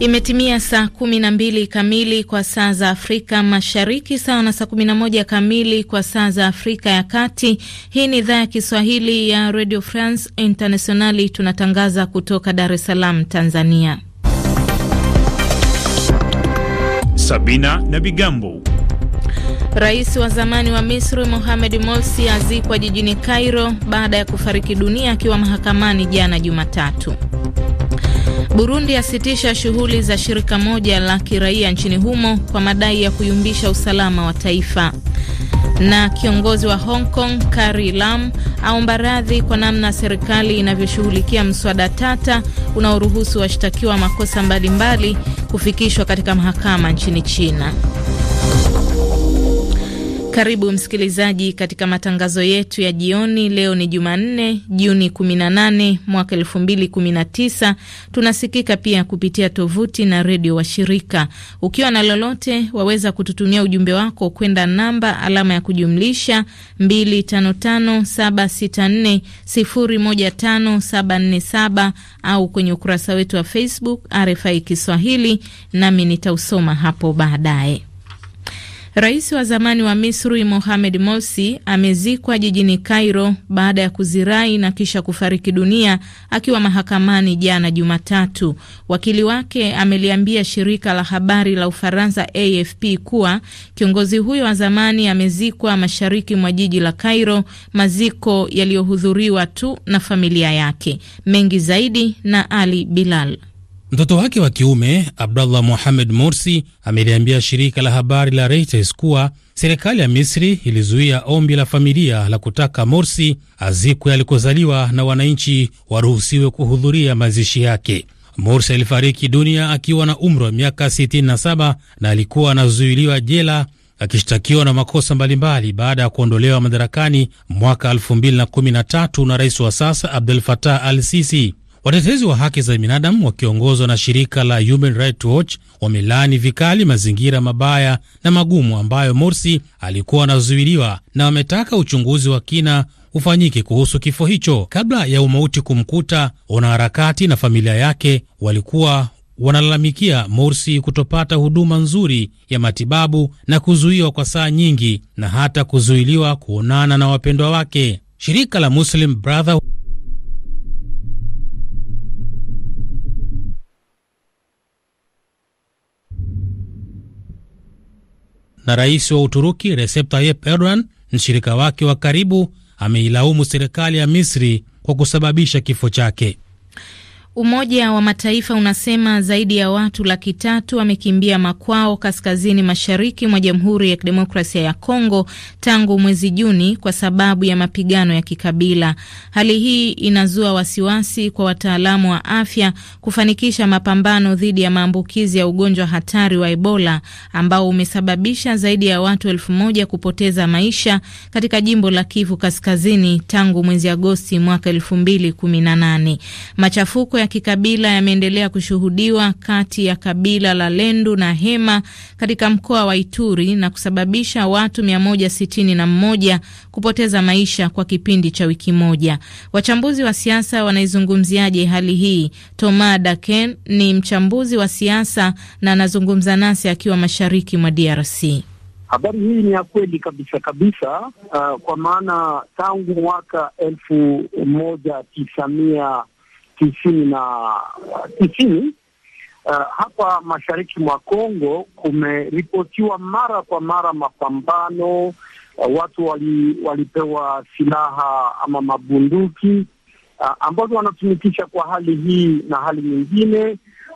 Imetimia saa kumi na mbili kamili kwa saa za Afrika Mashariki, sawa na saa kumi na moja kamili kwa saa za Afrika ya Kati. Hii ni idhaa ya Kiswahili ya Radio France Internationali, tunatangaza kutoka Dar es Salaam, Tanzania. Sabina na Bigambo. Rais wa zamani wa Misri Mohamed Morsi azikwa jijini Cairo baada ya kufariki dunia akiwa mahakamani jana Jumatatu. Burundi yasitisha shughuli za shirika moja la kiraia nchini humo kwa madai ya kuyumbisha usalama wa taifa. Na kiongozi wa Hong Kong Carrie Lam aomba radhi kwa namna serikali inavyoshughulikia mswada tata unaoruhusu washtakiwa makosa mbalimbali kufikishwa katika mahakama nchini China. Karibu msikilizaji katika matangazo yetu ya jioni. Leo ni Jumanne, Juni 18 mwaka 2019. Tunasikika pia kupitia tovuti na redio washirika. Ukiwa na lolote, waweza kututumia ujumbe wako kwenda namba alama ya kujumlisha 255764015747 au kwenye ukurasa wetu wa Facebook RFI Kiswahili, nami nitausoma hapo baadaye. Rais wa zamani wa Misri Mohamed Morsi amezikwa jijini Cairo baada ya kuzirai na kisha kufariki dunia akiwa mahakamani jana Jumatatu. Wakili wake ameliambia shirika la habari la Ufaransa AFP kuwa kiongozi huyo wa zamani amezikwa mashariki mwa jiji la Cairo, maziko yaliyohudhuriwa tu na familia yake. Mengi zaidi na Ali Bilal. Mtoto wake wa kiume Abdullah Mohamed Morsi ameliambia shirika la habari la Reuters kuwa serikali ya Misri ilizuia ombi la familia la kutaka Morsi azikwe alikozaliwa na wananchi waruhusiwe kuhudhuria mazishi yake. Morsi alifariki dunia akiwa na umri wa miaka 67 na alikuwa anazuiliwa jela akishtakiwa na makosa mbalimbali baada ya kuondolewa madarakani mwaka 2013 na rais wa sasa Abdel Fattah al-Sisi. Watetezi wa haki za binadamu wakiongozwa na shirika la Human Rights Watch wamelaani vikali mazingira mabaya na magumu ambayo Morsi alikuwa anazuiliwa na wametaka uchunguzi wa kina ufanyike kuhusu kifo hicho. Kabla ya umauti kumkuta, wanaharakati na familia yake walikuwa wanalalamikia Morsi kutopata huduma nzuri ya matibabu na kuzuiwa kwa saa nyingi na hata kuzuiliwa kuonana na wapendwa wake. Shirika la Muslim Brother na rais wa Uturuki Recep Tayyip Erdogan, mshirika wake wa karibu, ameilaumu serikali ya Misri kwa kusababisha kifo chake. Umoja wa Mataifa unasema zaidi ya watu laki tatu wamekimbia makwao kaskazini mashariki mwa Jamhuri ya Kidemokrasia ya Kongo tangu mwezi Juni kwa sababu ya mapigano ya kikabila. Hali hii inazua wasiwasi kwa wataalamu wa afya kufanikisha mapambano dhidi ya maambukizi ya ugonjwa hatari wa Ebola ambao umesababisha zaidi ya watu elfu moja kupoteza maisha katika jimbo la Kivu Kaskazini tangu mwezi Agosti mwaka elfu mbili kumi na nane. Machafuko ya kikabila yameendelea kushuhudiwa kati ya kabila la Lendu na Hema katika mkoa wa Ituri na kusababisha watu 161 kupoteza maisha kwa kipindi cha wiki moja. Wachambuzi wa siasa wanaizungumziaje hali hii? Toma Daken ni mchambuzi wa siasa na anazungumza nasi akiwa mashariki mwa DRC. Habari hii ni ya kweli kabisa kabisa. Uh, kwa maana tangu mwaka elfu moja tisa mia tisini na tisini. Uh, hapa mashariki mwa Kongo kumeripotiwa mara kwa mara mapambano uh, watu wali, walipewa silaha ama mabunduki uh, ambazo wanatumikisha kwa hali hii na hali nyingine,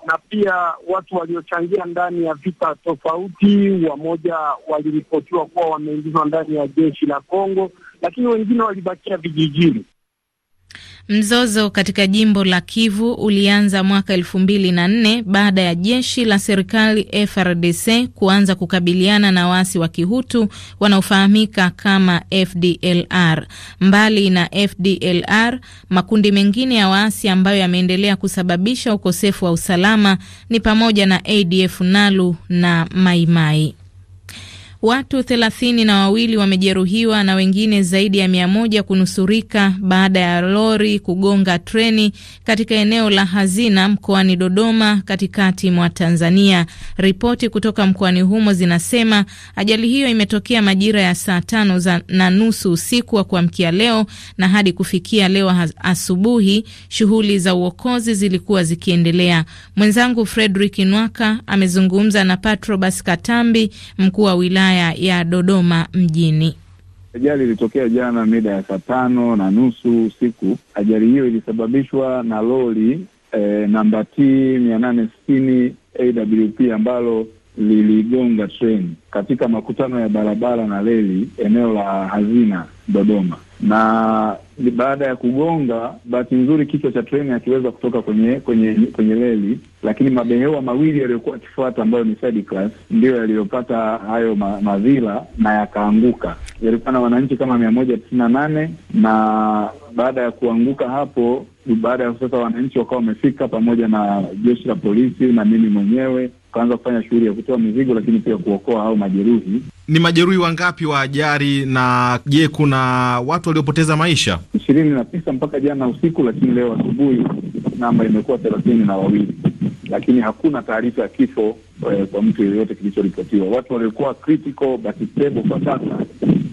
na pia watu waliochangia ndani ya vita tofauti, wamoja waliripotiwa kuwa wameingizwa ndani ya jeshi la Kongo, lakini wengine walibakia vijijini. Mzozo katika jimbo la Kivu ulianza mwaka elfu mbili na nne baada ya jeshi la serikali FRDC kuanza kukabiliana na waasi wa kihutu wanaofahamika kama FDLR. Mbali na FDLR, makundi mengine ya waasi ambayo yameendelea kusababisha ukosefu wa usalama ni pamoja na ADF NALU na Maimai mai. Watu thelathini na wawili wamejeruhiwa na wengine zaidi ya mia moja kunusurika baada ya lori kugonga treni katika eneo la Hazina mkoani Dodoma, katikati mwa Tanzania. Ripoti kutoka mkoani humo zinasema ajali hiyo imetokea majira ya saa tano na nusu usiku wa kuamkia leo, na hadi kufikia leo asubuhi shughuli za uokozi zilikuwa zikiendelea. Mwenzangu Fredrick Nwaka amezungumza na Patrobas Katambi, mkuu wa wilaya wilaya ya Dodoma mjini. Ajali ilitokea jana mida ya saa tano na nusu usiku. Ajali hiyo ilisababishwa na lori eh, namba T mia nane sitini AWP ambalo liligonga treni katika makutano ya barabara na reli eneo la Hazina Dodoma na ni baada ya kugonga, bahati nzuri kichwa cha treni akiweza kutoka kwenye kwenye kwenye reli, lakini mabehewa mawili yaliyokuwa akifuata ambayo ni third class ndiyo yaliyopata hayo ma, madhila na yakaanguka. Yalikuwa na wananchi kama mia moja tisini na nane na baada ya kuanguka hapo, baada ya sasa wananchi wakawa wamefika pamoja na jeshi la polisi na mimi mwenyewe, ukaanza kufanya shughuli ya kutoa mizigo, lakini pia kuokoa au majeruhi ni majeruhi wangapi wa ajali, na je, kuna watu waliopoteza maisha? ishirini na tisa mpaka jana usiku, lakini leo asubuhi namba imekuwa thelathini na wawili lakini hakuna taarifa ya kifo eh, kwa mtu yeyote kilichoripotiwa. Watu waliokuwa critical but stable kwa sasa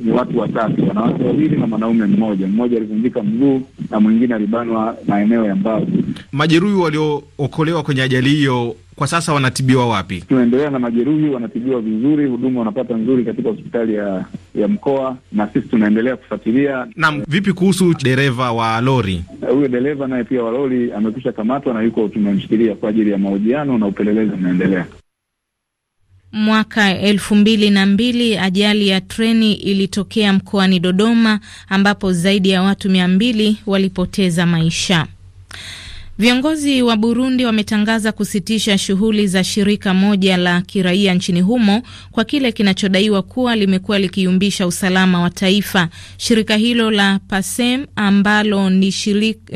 ni watu watatu, wanawake wawili na mwanaume mmoja. Mmoja alivunjika mguu na mwingine alibanwa maeneo ya mbavu. Majeruhi waliookolewa kwenye ajali hiyo kwa sasa wanatibiwa wapi? Tunaendelea na majeruhi, wanatibiwa vizuri, huduma wanapata nzuri katika hospitali ya ya mkoa, na sisi tunaendelea kufuatilia. Na vipi kuhusu dereva wa lori? Eh, huyo dereva naye pia wa lori amekwisha kamatwa na yuko tumemshikilia kwa ajili ya mahojiano na upelelezi unaendelea. Mwaka elfu mbili na mbili ajali ya treni ilitokea mkoani Dodoma ambapo zaidi ya watu mia mbili walipoteza maisha. Viongozi wa Burundi wametangaza kusitisha shughuli za shirika moja la kiraia nchini humo kwa kile kinachodaiwa kuwa limekuwa likiyumbisha usalama wa taifa. Shirika hilo la PASEM ambalo ni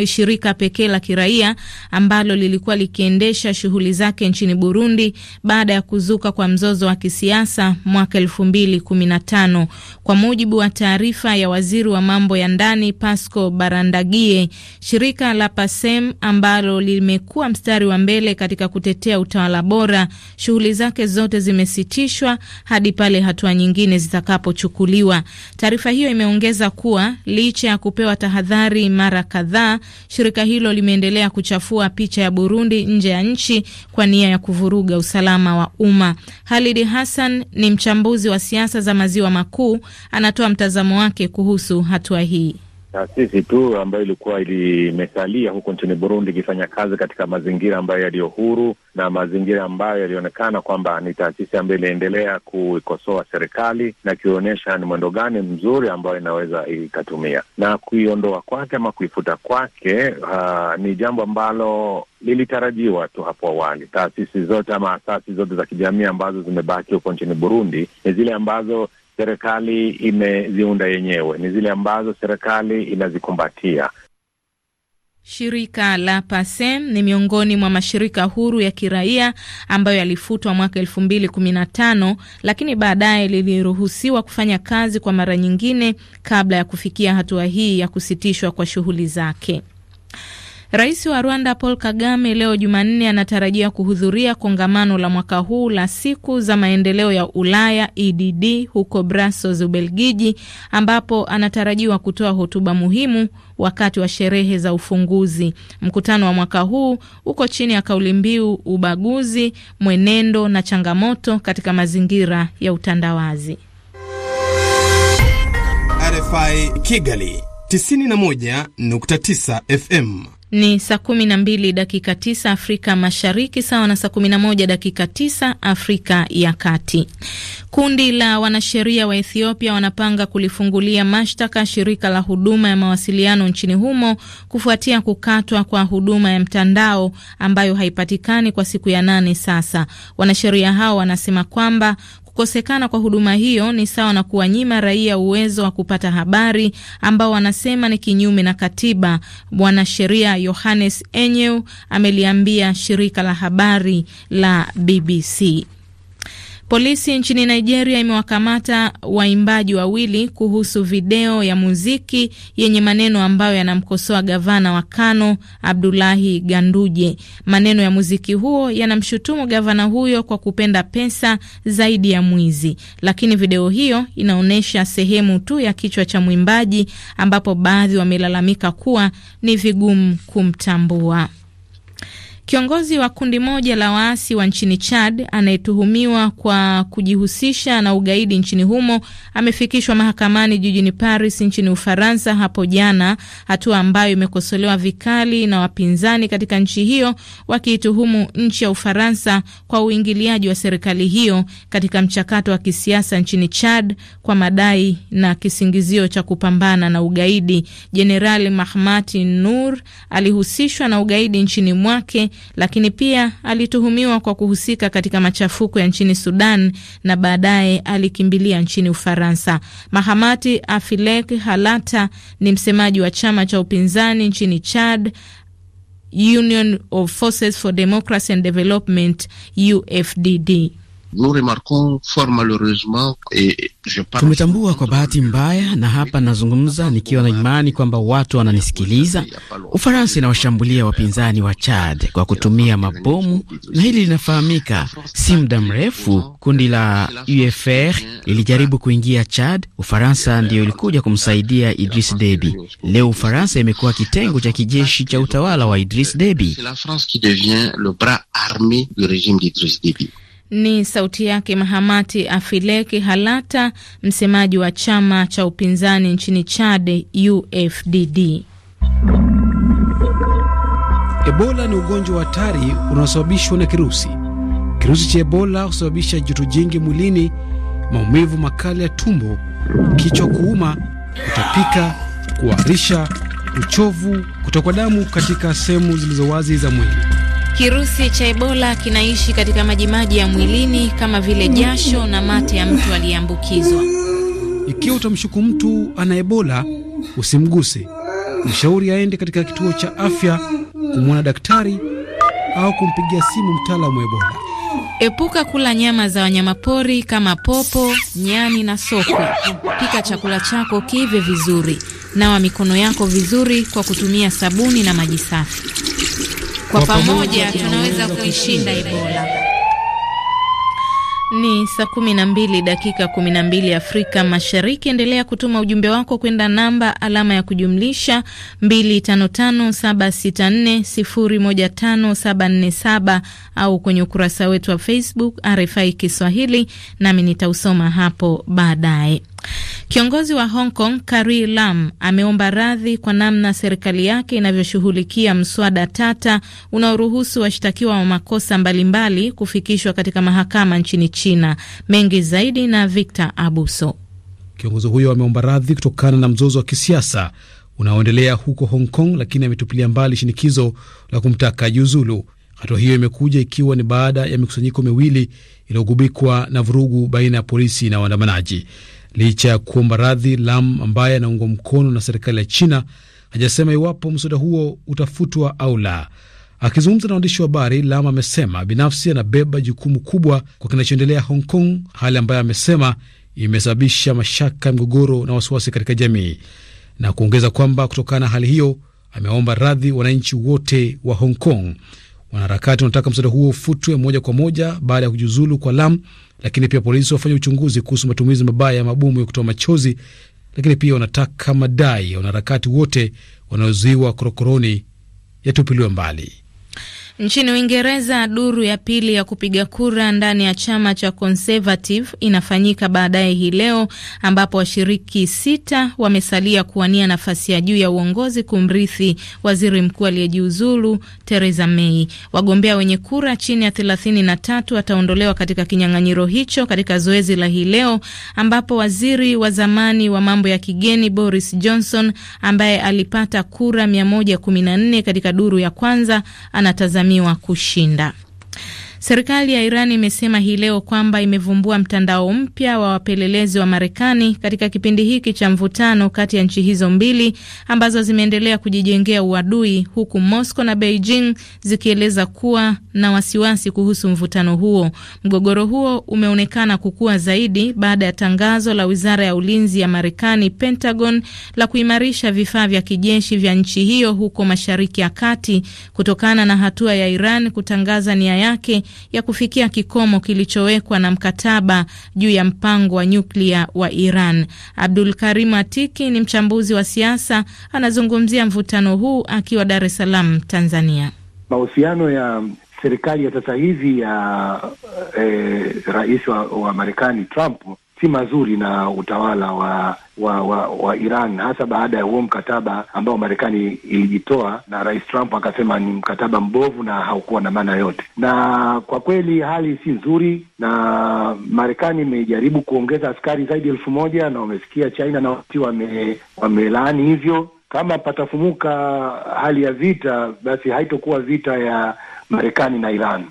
shirika pekee la kiraia ambalo lilikuwa likiendesha shughuli zake nchini Burundi baada ya kuzuka kwa mzozo wa kisiasa mwaka 2015. Kwa mujibu wa taarifa ya waziri wa mambo ya ndani Pasco Barandagie, shirika la PASEM ambalo ambalo limekuwa mstari wa mbele katika kutetea utawala bora, shughuli zake zote zimesitishwa hadi pale hatua nyingine zitakapochukuliwa. Taarifa hiyo imeongeza kuwa licha ya kupewa tahadhari mara kadhaa, shirika hilo limeendelea kuchafua picha ya Burundi nje ya nchi kwa nia ya kuvuruga usalama wa umma. Halidi Hassan ni mchambuzi wa siasa za maziwa makuu, anatoa mtazamo wake kuhusu hatua hii taasisi tu ambayo ilikuwa ilimesalia huko nchini Burundi ikifanya kazi katika mazingira ambayo yaliyo huru na mazingira ambayo yalionekana kwamba ni taasisi ambayo iliendelea kuikosoa serikali na ikionyesha ni mwendo gani mzuri ambayo inaweza ikatumia, na kuiondoa kwake ama kuifuta kwake uh, ni jambo ambalo lilitarajiwa tu hapo awali. Taasisi zote ama asasi zote za kijamii ambazo zimebaki huko nchini Burundi ni zile ambazo serikali imeziunda yenyewe, ni zile ambazo serikali inazikumbatia. Shirika la PASEM ni miongoni mwa mashirika huru ya kiraia ambayo yalifutwa mwaka elfu mbili kumi na tano lakini baadaye liliruhusiwa kufanya kazi kwa mara nyingine kabla ya kufikia hatua hii ya kusitishwa kwa shughuli zake. Rais wa Rwanda Paul Kagame leo Jumanne anatarajia kuhudhuria kongamano la mwaka huu la siku za maendeleo ya Ulaya EDD huko Brussels, Ubelgiji, ambapo anatarajiwa kutoa hotuba muhimu wakati wa sherehe za ufunguzi. Mkutano wa mwaka huu uko chini ya kauli mbiu ubaguzi, mwenendo na changamoto katika mazingira ya utandawazi. RFI Kigali 91.9 FM ni saa kumi na mbili dakika tisa Afrika Mashariki, sawa na saa kumi na moja dakika tisa Afrika ya Kati. Kundi la wanasheria wa Ethiopia wanapanga kulifungulia mashtaka shirika la huduma ya mawasiliano nchini humo kufuatia kukatwa kwa huduma ya mtandao ambayo haipatikani kwa siku ya nane sasa. Wanasheria hao wanasema kwamba Kukosekana kwa huduma hiyo ni sawa na kuwanyima raia uwezo wa kupata habari ambao wanasema ni kinyume na katiba. sheria Yohannes Enyeu ameliambia shirika la habari la BBC. Polisi nchini Nigeria imewakamata waimbaji wawili kuhusu video ya muziki yenye maneno ambayo yanamkosoa gavana wa Kano Abdullahi Ganduje. Maneno ya muziki huo yanamshutumu gavana huyo kwa kupenda pesa zaidi ya mwizi, lakini video hiyo inaonyesha sehemu tu ya kichwa cha mwimbaji ambapo baadhi wamelalamika kuwa ni vigumu kumtambua. Kiongozi wa kundi moja la waasi wa nchini Chad anayetuhumiwa kwa kujihusisha na ugaidi nchini humo amefikishwa mahakamani jijini Paris nchini Ufaransa hapo jana, hatua ambayo imekosolewa vikali na wapinzani katika nchi hiyo, wakiituhumu nchi ya Ufaransa kwa uingiliaji wa serikali hiyo katika mchakato wa kisiasa nchini Chad kwa madai na kisingizio cha kupambana na ugaidi. Jenerali mahmati Nur alihusishwa na ugaidi nchini mwake lakini pia alituhumiwa kwa kuhusika katika machafuko ya nchini Sudan na baadaye alikimbilia nchini Ufaransa. Mahamati Afilek Halata ni msemaji wa chama cha upinzani nchini Chad Union of Forces for Democracy and Development UFDD. Tumetambua kwa bahati mbaya, na hapa nazungumza nikiwa na imani kwamba watu wananisikiliza. Ufaransa inawashambulia wapinzani wa Chad kwa kutumia mabomu, na hili linafahamika. Si muda mrefu kundi la UFR lilijaribu kuingia Chad, Ufaransa ndiyo ilikuja kumsaidia Idris Deby. Leo Ufaransa imekuwa kitengo cha kijeshi cha utawala wa Idris Deby. Ni sauti yake Mahamati Afileki Halata, msemaji wa chama cha upinzani nchini Chad, UFDD. Ebola ni ugonjwa wa hatari unaosababishwa na kirusi. Kirusi cha Ebola husababisha joto jingi mwilini, maumivu makali ya tumbo, kichwa kuuma, kutapika, kuharisha, uchovu, kutokwa damu katika sehemu zilizo wazi za mwili. Kirusi cha Ebola kinaishi katika majimaji ya mwilini kama vile jasho na mate ya mtu aliyeambukizwa. Ikiwa utamshuku mtu ana Ebola, usimguse. Mshauri aende katika kituo cha afya kumwona daktari au kumpigia simu mtaalamu wa Ebola. Epuka kula nyama za wanyamapori kama popo, nyani na sokwe. Pika chakula chako kive vizuri. Nawa mikono yako vizuri kwa kutumia sabuni na maji safi. Kwa pamoja tunaweza kuishinda Ebola. Ni saa kumi na mbili dakika kumi na mbili Afrika Mashariki. Endelea kutuma ujumbe wako kwenda namba alama ya kujumlisha 255764015747 au kwenye ukurasa wetu wa Facebook RFI Kiswahili, nami nitausoma hapo baadaye. Kiongozi wa Hong Kong Carrie Lam ameomba radhi kwa namna serikali yake inavyoshughulikia mswada tata unaoruhusu washtakiwa wa makosa mbalimbali kufikishwa katika mahakama nchini China. Mengi zaidi na Victor Abuso. Kiongozi huyo ameomba radhi kutokana na mzozo wa kisiasa unaoendelea huko Hong Kong, lakini ametupilia mbali shinikizo la kumtaka jiuzulu. Hatua hiyo imekuja ikiwa ni baada ya mikusanyiko miwili iliyogubikwa na vurugu baina ya polisi na waandamanaji. Licha ya kuomba radhi, Lam ambaye anaungwa mkono na serikali ya China hajasema iwapo mswada huo utafutwa au la. Akizungumza na waandishi wa habari, Lam amesema binafsi anabeba jukumu kubwa kwa kinachoendelea Hong Kong, hali ambayo amesema imesababisha mashaka, migogoro na wasiwasi katika jamii, na kuongeza kwamba kutokana na hali hiyo ameomba radhi wananchi wote wa Hong Kong. Wanaharakati wanataka mswada huo ufutwe moja kwa moja baada ya kujiuzulu kwa Lam, lakini pia polisi wafanya uchunguzi kuhusu matumizi mabaya ya mabomu ya kutoa machozi, lakini pia wanataka madai ya wanaharakati wote wanaozuiwa korokoroni yatupiliwe mbali. Nchini Uingereza, duru ya pili ya kupiga kura ndani ya chama cha Conservative inafanyika baadaye hii leo, ambapo washiriki sita wamesalia kuwania nafasi ya juu ya uongozi kumrithi waziri mkuu aliyejiuzulu Theresa May. Wagombea wenye kura chini ya tatu wataondolewa katika kinyang'anyiro hicho katika zoezi la hii leo, ambapo waziri wa zamani wa mambo ya kigeni Boris Johnson ambaye alipata kura 114 katika duru ya kwanza anatazamia wanatazamiwa kushinda. Serikali ya Iran imesema hii leo kwamba imevumbua mtandao mpya wa wapelelezi wa Marekani katika kipindi hiki cha mvutano kati ya nchi hizo mbili ambazo zimeendelea kujijengea uadui, huku Moscow na Beijing zikieleza kuwa na wasiwasi kuhusu mvutano huo. Mgogoro huo umeonekana kukua zaidi baada ya tangazo la Wizara ya Ulinzi ya Marekani, Pentagon, la kuimarisha vifaa vya kijeshi vya nchi hiyo huko Mashariki ya Kati kutokana na hatua ya Iran kutangaza nia yake ya kufikia kikomo kilichowekwa na mkataba juu ya mpango wa nyuklia wa Iran. Abdul Karim Atiki ni mchambuzi wa siasa, anazungumzia mvutano huu akiwa Dar es Salaam, Tanzania. Mahusiano ya serikali ya sasa hivi ya eh, rais wa, wa Marekani Trump si mazuri na utawala wa wa, wa wa Iran hasa baada ya huo mkataba ambao Marekani ilijitoa na Rais Trump akasema ni mkataba mbovu na haukuwa na maana yote. Na kwa kweli hali si nzuri, na Marekani imejaribu kuongeza askari zaidi elfu moja na wamesikia China na wati wame, wamelaani hivyo. Kama patafumuka hali ya vita, basi haitokuwa vita ya Marekani na Iran.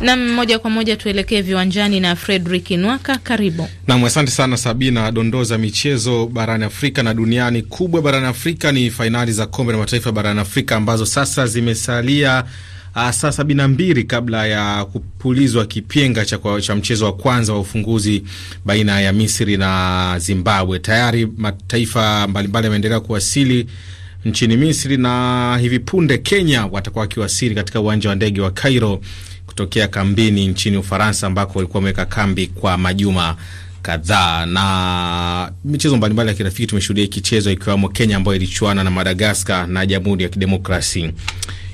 Nam, moja kwa moja tuelekee viwanjani na Fredrik Nwaka, karibu nam. Asante sana Sabina. Dondoo za michezo barani Afrika na duniani. Kubwa barani Afrika ni fainali za kombe la mataifa barani Afrika ambazo sasa zimesalia ah, saa sabini na mbili kabla ya kupulizwa kipenga cha, cha mchezo wa kwanza wa ufunguzi baina ya Misri na Zimbabwe. Tayari mataifa mbalimbali yameendelea kuwasili nchini Misri na hivi punde Kenya watakuwa wakiwasili katika uwanja wa ndege wa Cairo kutokea kambini nchini Ufaransa ambako walikuwa wameweka kambi kwa majuma kadhaa na michezo mbalimbali ya kirafiki tumeshuhudia ikichezwa ikiwemo Kenya ambayo ilichuana na Madagaskar na Jamhuri ya Kidemokrasi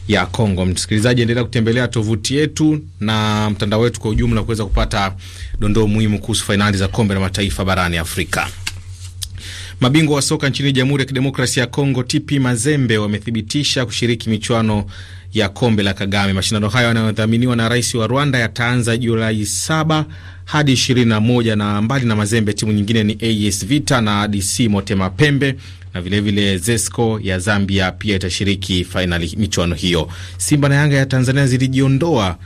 ya Kongo. Msikilizaji, endelea kutembelea tovuti yetu na mtandao wetu kwa ujumla kuweza kupata dondoo muhimu kuhusu fainali za kombe la mataifa barani Afrika. Mabingwa wa soka nchini Jamhuri ya Kidemokrasia ya Kongo, TP Mazembe, wamethibitisha kushiriki michuano ya kombe la Kagame. Mashindano hayo yanayodhaminiwa na rais wa Rwanda yataanza Julai 7 hadi 21, na mbali na Mazembe, timu nyingine ni AS Vita na DC Motema Pembe na vilevile vile Zesco ya Zambia pia itashiriki fainali michuano hiyo. Simba na Yanga ya Tanzania zilijiondoa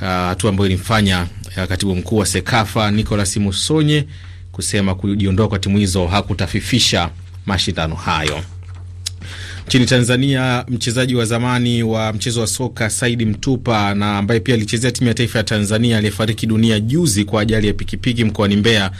hatua ambayo ilimfanya eh, katibu mkuu wa SEKAFA Nicolas Musonye kusema kujiondoa kwa timu hizo hakutafifisha mashindano hayo. Nchini Tanzania, mchezaji wa zamani wa mchezo wa soka Saidi Mtupa na ambaye pia alichezea timu ya taifa ya Tanzania aliyefariki dunia juzi kwa ajali ya pikipiki mkoani Mbeya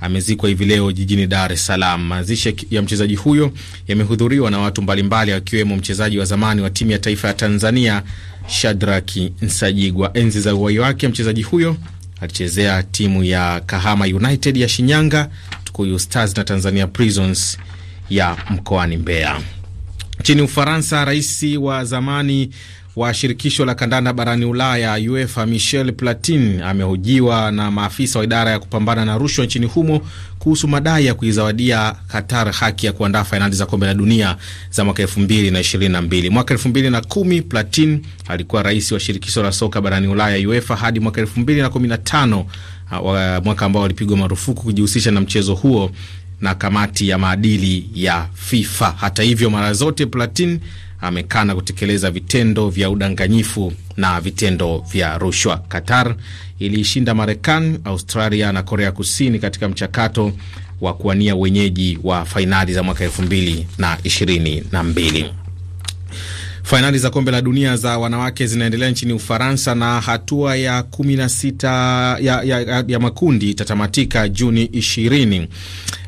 amezikwa hivi leo jijini Dar es Salaam. Mazishi ya mchezaji huyo yamehudhuriwa na watu mbalimbali wakiwemo mchezaji wa zamani wa timu ya taifa ya Tanzania Shadraki Nsajigwa. Enzi za uwai wake mchezaji huyo alichezea timu ya Kahama United ya Shinyanga, Tukuyu Stars na Tanzania Prisons ya mkoani Mbeya. Nchini Ufaransa, rais wa zamani wa shirikisho la kandanda barani Ulaya UEFA Michel Platini amehojiwa na maafisa wa idara ya kupambana na rushwa nchini humo kuhusu madai ya kuizawadia Qatar haki ya kuandaa fainali za kombe la dunia za mwaka mbili. Mwaka kumi Platini alikuwa rais wa shirikisho la soka barani Ulaya UEFA hadi mwaka tano mwaka ambao walipigwa marufuku kujihusisha na mchezo huo na kamati ya maadili ya FIFA. Hata hivyo, mara zote Platini amekana kutekeleza vitendo vya udanganyifu na vitendo vya rushwa. Qatar iliishinda Marekani, Australia na Korea Kusini katika mchakato wa kuwania wenyeji wa fainali za mwaka elfu mbili na ishirini na mbili. Fainali za kombe la dunia za wanawake zinaendelea nchini Ufaransa na hatua ya kumi na sita ya, ya, ya makundi itatamatika Juni ishirini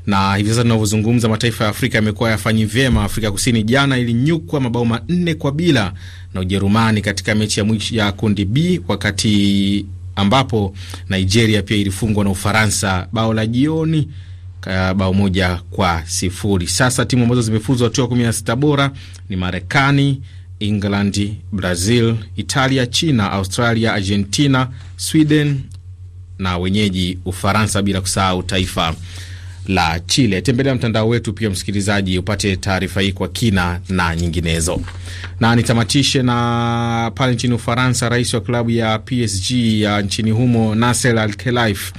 na hivi sasa tunavyozungumza, mataifa ya Afrika yamekuwa yafanyi vyema. Afrika Kusini jana ilinyukwa mabao manne kwa bila na Ujerumani katika mechi ya mwisho ya kundi B, wakati ambapo Nigeria pia ilifungwa na Ufaransa bao la jioni bao moja kwa sifuri. Sasa timu ambazo zimefuzwa hatua kumi na sita bora ni Marekani, England, Brazil, Italia, China, Australia, Argentina, Sweden na wenyeji Ufaransa, bila kusahau taifa la Chile. Tembelea mtandao wetu pia, msikilizaji, upate taarifa hii kwa kina na nyinginezo. Na nitamatishe na pale nchini Ufaransa, rais wa klabu ya PSG ya nchini humo Nasser Al-Khelaifi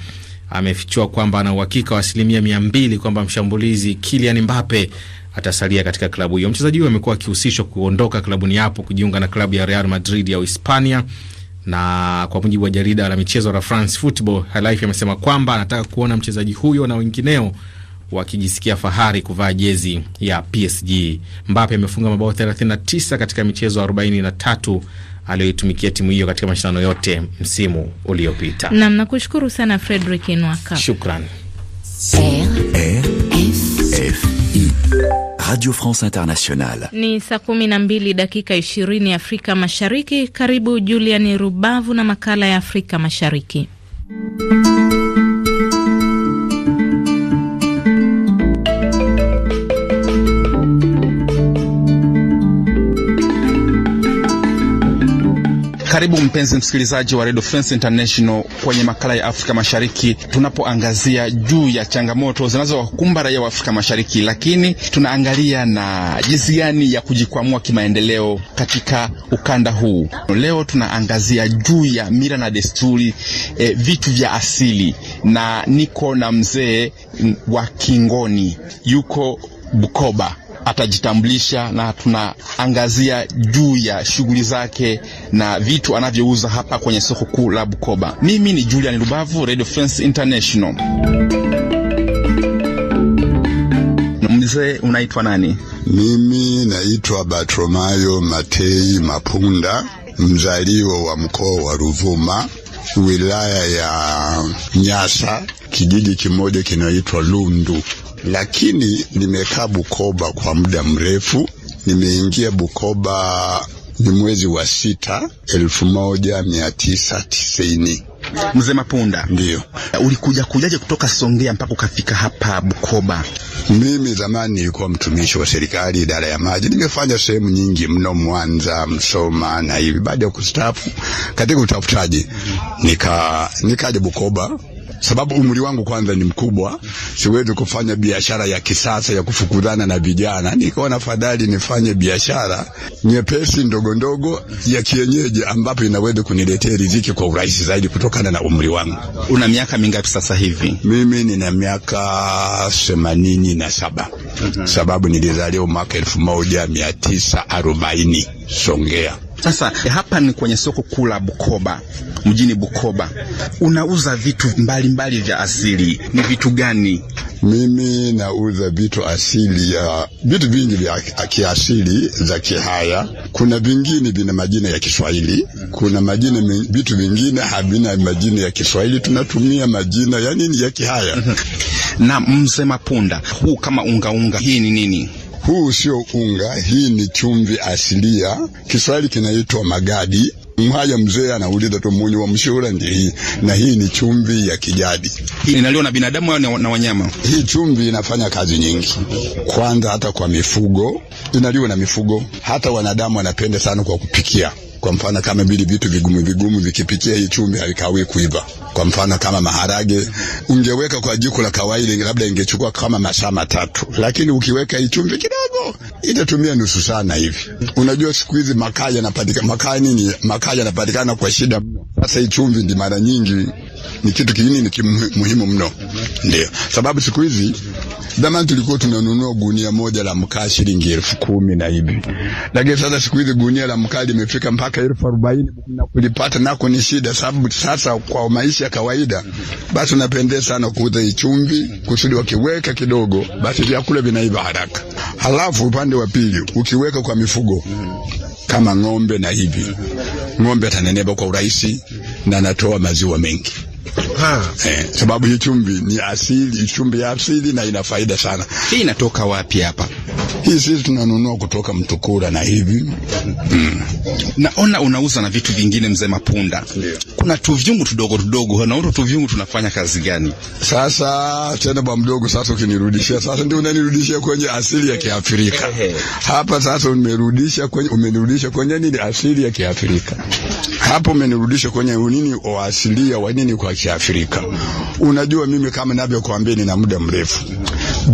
amefichua kwamba ana uhakika wa asilimia mia mbili kwamba mshambulizi Kylian Mbappe atasalia katika klabu hiyo. Mchezaji huyo amekuwa akihusishwa kuondoka klabuni hapo kujiunga na klabu ya Real Madrid ya Uhispania na kwa mujibu wa jarida la michezo la France Football, halif amesema kwamba anataka kuona mchezaji huyo na wengineo wakijisikia fahari kuvaa jezi ya PSG. Mbappe amefunga mabao 39 katika michezo 43 aliyoitumikia timu hiyo katika mashindano yote msimu uliopita. Nam, nakushukuru sana Fredrick Nwaka. Shukran. Radio France Internationale. Ni saa kumi na mbili dakika ishirini Afrika Mashariki. Karibu Julian Rubavu na makala ya Afrika Mashariki. Karibu mpenzi msikilizaji wa Radio France International kwenye makala ya Afrika Mashariki, tunapoangazia juu ya changamoto zinazowakumba raia wa Afrika Mashariki, lakini tunaangalia na jinsi gani ya kujikwamua kimaendeleo katika ukanda huu. Leo tunaangazia juu ya mila na desturi, e, vitu vya asili, na niko na mzee wa Kingoni, yuko Bukoba atajitambulisha na tunaangazia juu ya shughuli zake na vitu anavyouza hapa kwenye soko kuu la Bukoba. Mimi ni Julian Rubavu, Radio France International. Mzee, unaitwa nani? Mimi naitwa Batromayo Matei Mapunda, mzaliwa wa mkoa wa Ruvuma, wilaya ya Nyasa, kijiji kimoja kinaitwa Lundu lakini nimekaa Bukoba kwa muda mrefu. Nimeingia Bukoba ni mwezi wa sita elfu moja mia tisa tisini. Mzee Mapunda, ndio ulikuja kujaje kutoka Songea mpaka ukafika hapa Bukoba? Mimi zamani nilikuwa mtumishi wa serikali, idara ya maji. Nimefanya sehemu nyingi mno, Mwanza, Msoma na hivi. Baada ya kustaafu katika utafutaji, nika nikaja Bukoba sababu umri wangu kwanza ni mkubwa, siwezi kufanya biashara ya kisasa ya kufukuzana na vijana. Nikaona fadhali nifanye biashara nyepesi ndogo ndogo ya kienyeji, ambapo inaweza kuniletea riziki kwa urahisi zaidi kutokana na umri wangu. Una miaka mingapi sasa hivi? Mimi nina miaka themanini na saba. Mhm. Sababu nilizaliwa mwaka elfu moja mia tisa arobaini Songea. Sasa hapa ni kwenye soko kuu la Bukoba, mjini Bukoba. Unauza vitu mbalimbali mbali vya asili, ni vitu gani? Mimi nauza vitu asili ya vitu vingi vya kiasili za Kihaya. Kuna vingine vina majina ya Kiswahili, kuna majina vitu vingine havina majina ya Kiswahili, tunatumia majina ya nini ya Kihaya. na msema punda huu kama ungaunga unga, hii ni nini? Huu sio unga, hii ni chumvi asilia. Kiswahili kinaitwa magadi. Mhaya mzee anauliza tu munyu wa mshuhura ndio hii, na hii ni chumvi ya kijadi. Inaliwa na binadamu au na wanyama? Hii chumvi inafanya kazi nyingi, kwanza hata kwa mifugo, inaliwa na mifugo, hata wanadamu wanapenda sana kwa kupikia. Kwa mfano kama vile vitu vigumu vigumu vikipikia hii chumvi havikawii kuiva. Kwa mfano kama maharage ungeweka kwa jiko la kawaida, labda ingechukua kama masaa matatu, lakini ukiweka ichumvi kidogo itatumia nusu sana hivi. Unajua siku hizi makaa yanapatikana, makaa nini, makaa yanapatikana kwa shida mno. Sasa ichumvi ndi mara nyingi ni kitu kingine ni muhimu mno, ndio sababu siku hizi zamani tulikuwa tunanunua gunia moja la mkaa shilingi elfu kumi na hivi, lakini sasa siku hizi gunia la mkaa limefika mpaka elfu arobaini na kulipata nako ni shida, sababu sasa kwa maisha ya kawaida, basi unapendea sana kuuza ichumvi kusudi wakiweka kidogo, basi vyakula vinaiva haraka. Halafu upande wa pili ukiweka kwa mifugo kama ng'ombe na hivi, ng'ombe atanenepa kwa urahisi na anatoa maziwa mengi. Ha, eh, sababu hii chumvi ni asili, chumvi ya asili na ina faida sana. Hii inatoka wapi hapa? Hii sisi tunanunua kutoka Mtukura na hivi. Mm. Naona unauza na vitu vingine mzee Mapunda. Ndio. Kuna tuvyungu tudogo tudogo na huko tuvyungu tunafanya kazi gani? Sasa tena bwa mdogo sasa ukinirudishia sasa ndio unanirudishia kwenye asili ya Kiafrika. Hapa sasa umerudisha kwenye umenirudisha kwenye nini asili ya Kiafrika. Hapo umenirudisha kwenye nini oasilia wa nini kwa wa Kiafrika. Unajua, mimi kama ninavyokuambia, nina muda mrefu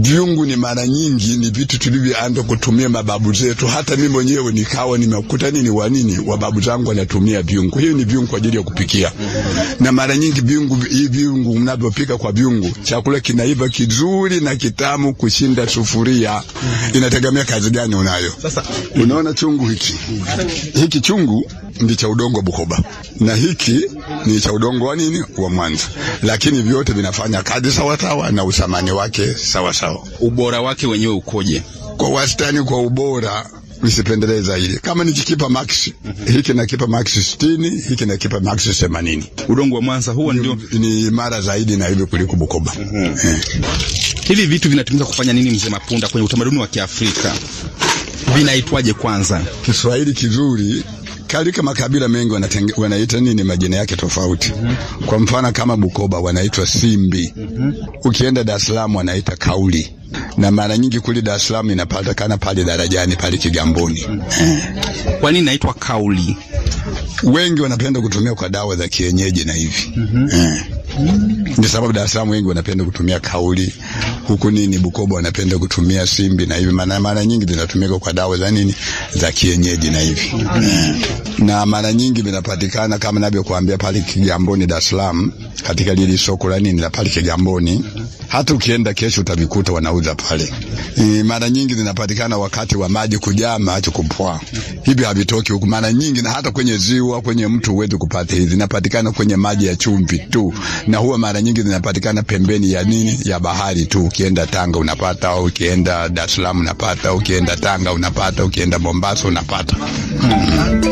viungu ni mara nyingi ni vitu tulivyoanza kutumia mababu zetu. Hata mimi mwenyewe nikawa nimekuta nini wa nini wa babu zangu wanatumia viungu, hiyo ni viungu kwa ajili ya kupikia. Na mara nyingi viungu hivi viungu mnavyopika kwa viungu, chakula kinaiva kizuri na kitamu kushinda sufuria. Inategemea kazi gani unayo. Sasa unaona chungu hiki hiki chungu ndi cha udongo Bukoba, na hiki ni cha udongo wa nini wa wa mwanzo, lakini vyote vinafanya kazi sawasawa na usamani wake sawasawa. Ubora wake wenyewe ukoje? Kwa wastani, kwa ubora nisipendelee zaidi. Kama nikikipa max mm -hmm. hiki nakipa max 60, hiki nakipa max 80. Udongo wa Mwanza huo ndio ni imara zaidi na hivi kuliko Bukoba. mm -hmm. Hivi vitu vinatumika kufanya nini, mzee Mapunda, kwenye utamaduni wa Kiafrika? Vinaitwaje kwanza? Kiswahili kizuri katika makabila mengi wanaita nini majina yake tofauti. Kwa mfano kama Bukoba wanaitwa Simbi, ukienda Dar es Salaam wanaita Kauli, na mara nyingi kule Dar es Salaam inapatikana pale darajani pale Kigamboni. Eh. Kwa nini inaitwa Kauli? Wengi wanapenda kutumia kwa dawa za kienyeji na hivi mm -hmm ni sababu Dar es Salaam wengi wanapenda kutumia kauli huku nini, Bukoba wanapenda kutumia simbi na hivi, maana mara nyingi zinatumika kwa dawa za nini za kienyeji na hivi eh. na mara nyingi vinapatikana kama ninavyokuambia pale Kigamboni, Dar es Salaam, katika lile soko la nini la pale Kigamboni, hata ukienda kesho utavikuta wanauza pale. E, mara nyingi zinapatikana wakati wa maji kujaa, maji kupoa, hivi havitoki huku mara nyingi, na hata kwenye ziwa, kwenye mtu huwezi kupata hizi, zinapatikana kwenye maji ya chumvi tu na huwa mara nyingi zinapatikana pembeni ya nini ya bahari tu. Ukienda Tanga unapata, au ukienda Dar es Salaam unapata, ukienda Tanga unapata, ukienda Mombasa unapata hmm.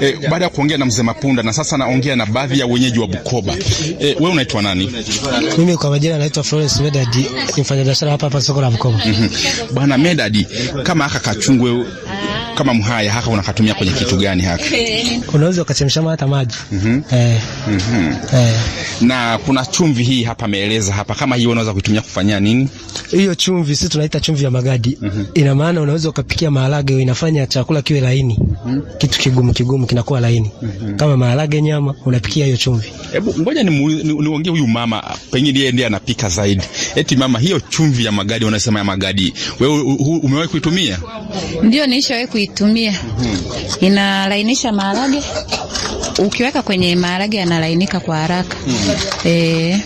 E, baada ya kuongea na mzee Mapunda na sasa naongea na baadhi ya wenyeji wa Bukoba. E, eh, we unaitwa nani? Mimi kwa majina naitwa Florence Medadi, mfanyabiashara hapa hapa soko la Bukoba. Mm -hmm. Bwana Medadi, kama aka kachungwe kama mhaya haka unakatumia kwenye kitu gani haka? Unaweza ukachemsha hata maji. Mhm. Eh. Mhm. Eh. Na kuna chumvi hii hapa ameeleza hapa, kama hii unaweza kuitumia kufanyia nini? Hiyo chumvi sisi tunaita chumvi ya magadi. mm -hmm. Ina maana unaweza ukapikia maharage, inafanya chakula kiwe laini. mm -hmm. Kitu kigumu kigumu kinakuwa laini. mm -hmm. Kama maharage, nyama, unapikia hiyo chumvi. Hebu ngoja niongee huyu mama, pengine yeye ndiye anapika zaidi. Eti mama, hiyo chumvi ya magadi unasema ya magadi, wewe umewahi kuitumia? Ndio, nishawahi kuitumia mhm. inalainisha maharage. Ukiweka kwenye maharage yanalainika kwa haraka mhm. e,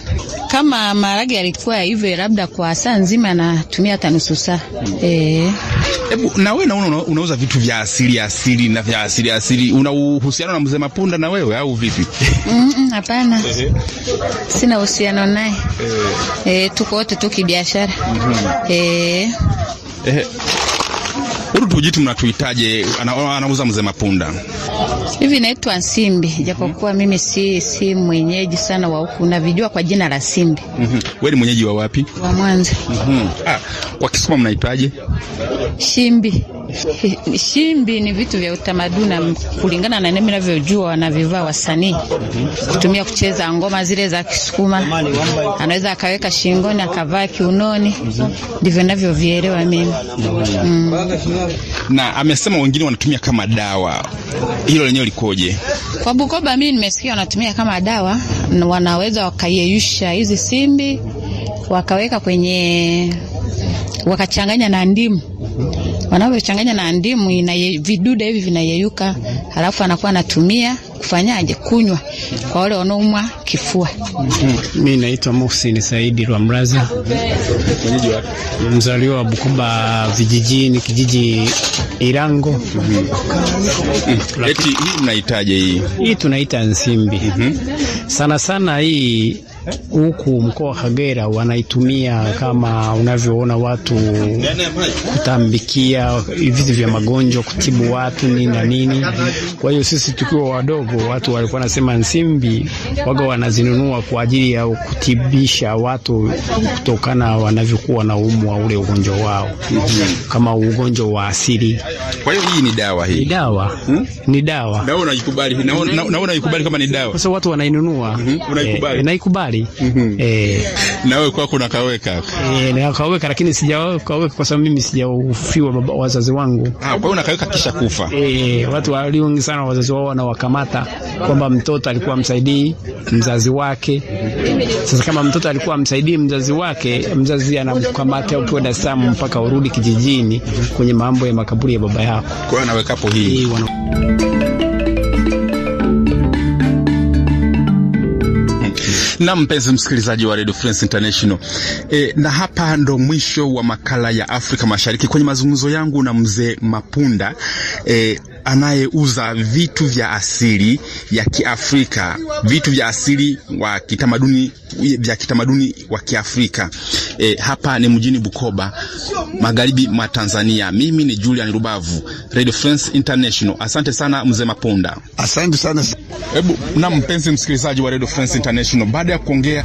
Kama maharage yalikuwa hivyo, labda kwa saa nzima natumia hata nusu saa mhm. eh. Hebu na wewe naona una, unauza vitu vya asili asili na vya asili asili, una uhusiano na mzee Mapunda na wewe au vipi? Mm, hapana sina uhusiano naye eh. Eh, tuko wote tu kibiashara mm -hmm. eh. Huru tujitu mnatuitaje? Ana, anauza mzee mapunda hivi, naitwa simbi japokuwa mm -hmm. mimi si, si mwenyeji sana wa huku, navijua kwa jina la Simbi mm -hmm. Wewe ni mwenyeji wa wapi? Wa Mwanza. mm -hmm. Ah, kwa Kisoma mnaitaje? Shimbi. Shimbi ni vitu vya utamaduni kulingana na nami navyojua, wanavivaa wasanii kutumia kucheza ngoma zile za Kisukuma, anaweza akaweka shingoni akavaa kiunoni, ndivyo navyovielewa mimi mm. Na amesema wengine wanatumia kama dawa, hilo lenyewe likoje? Kwa Bukoba mimi nimesikia wanatumia kama dawa, wanaweza wakayeyusha hizi simbi wakaweka kwenye wakachanganya na ndimu wanavyochanganya na ndimu ina viduda hivi vinayeyuka, halafu anakuwa anatumia kufanyaje kunywa kwa wale wanaoumwa kifua. Mimi mm-hmm. naitwa Muhsin Saidi Rwamraza, mzaliwa wa Bukoba vijijini, kijiji Irango. Mm-hmm. Eti hii mnaitaje hii? Hii tunaita nsimbi. mm -hmm. Sana sana hii huku mkoa wa Kagera wanaitumia kama unavyoona watu kutambikia vitu vya magonjwa, kutibu watu nini na nini. Kwa hiyo sisi tukiwa wadogo, watu walikuwa nasema nsimbi waga wanazinunua kwa ajili ya kutibisha watu kutokana wanavyokuwa na umwa ule ugonjwa wao kama ugonjwa wa asili. Kwa hiyo hii ni dawa, hii ni dawa hmm? ni dawa. Naona ikubali, naona ikubali kama ni dawa. Sasa watu wanainunua, mhm. unaikubali? Eh, naikubali habari mhm. eh, nawe kwako nakaweka eh, nakaweka, lakini sijakaweka kwa sababu mimi sijaufiwa wazazi wangu. Ah, kwa hiyo nakaweka kisha kufa eh, watu walio wengi sana wazazi wao wanawakamata kwamba mtoto alikuwa msaidii mzazi wake. Sasa kama mtoto alikuwa msaidii mzazi wake, mzazi anamkamata ukiwa Dar es Salaam mpaka urudi kijijini kwenye mambo ya makaburi ya baba yako. Kwa hiyo anawekapo hii eh, wana... na mpenzi msikilizaji wa Radio France International. E, na hapa ndo mwisho wa makala ya Afrika Mashariki kwenye mazungumzo yangu na mzee Mapunda e, anayeuza vitu vya asili ya Kiafrika, vitu vya asili wa kitamaduni vya kitamaduni wa Kiafrika. E, hapa ni mjini Bukoba, magharibi mwa Tanzania. Mimi ni Julian Rubavu, Radio France International. Asante sana mzee Maponda, asante sana. Hebu na mpenzi msikilizaji wa Radio France International, baada ya kuongea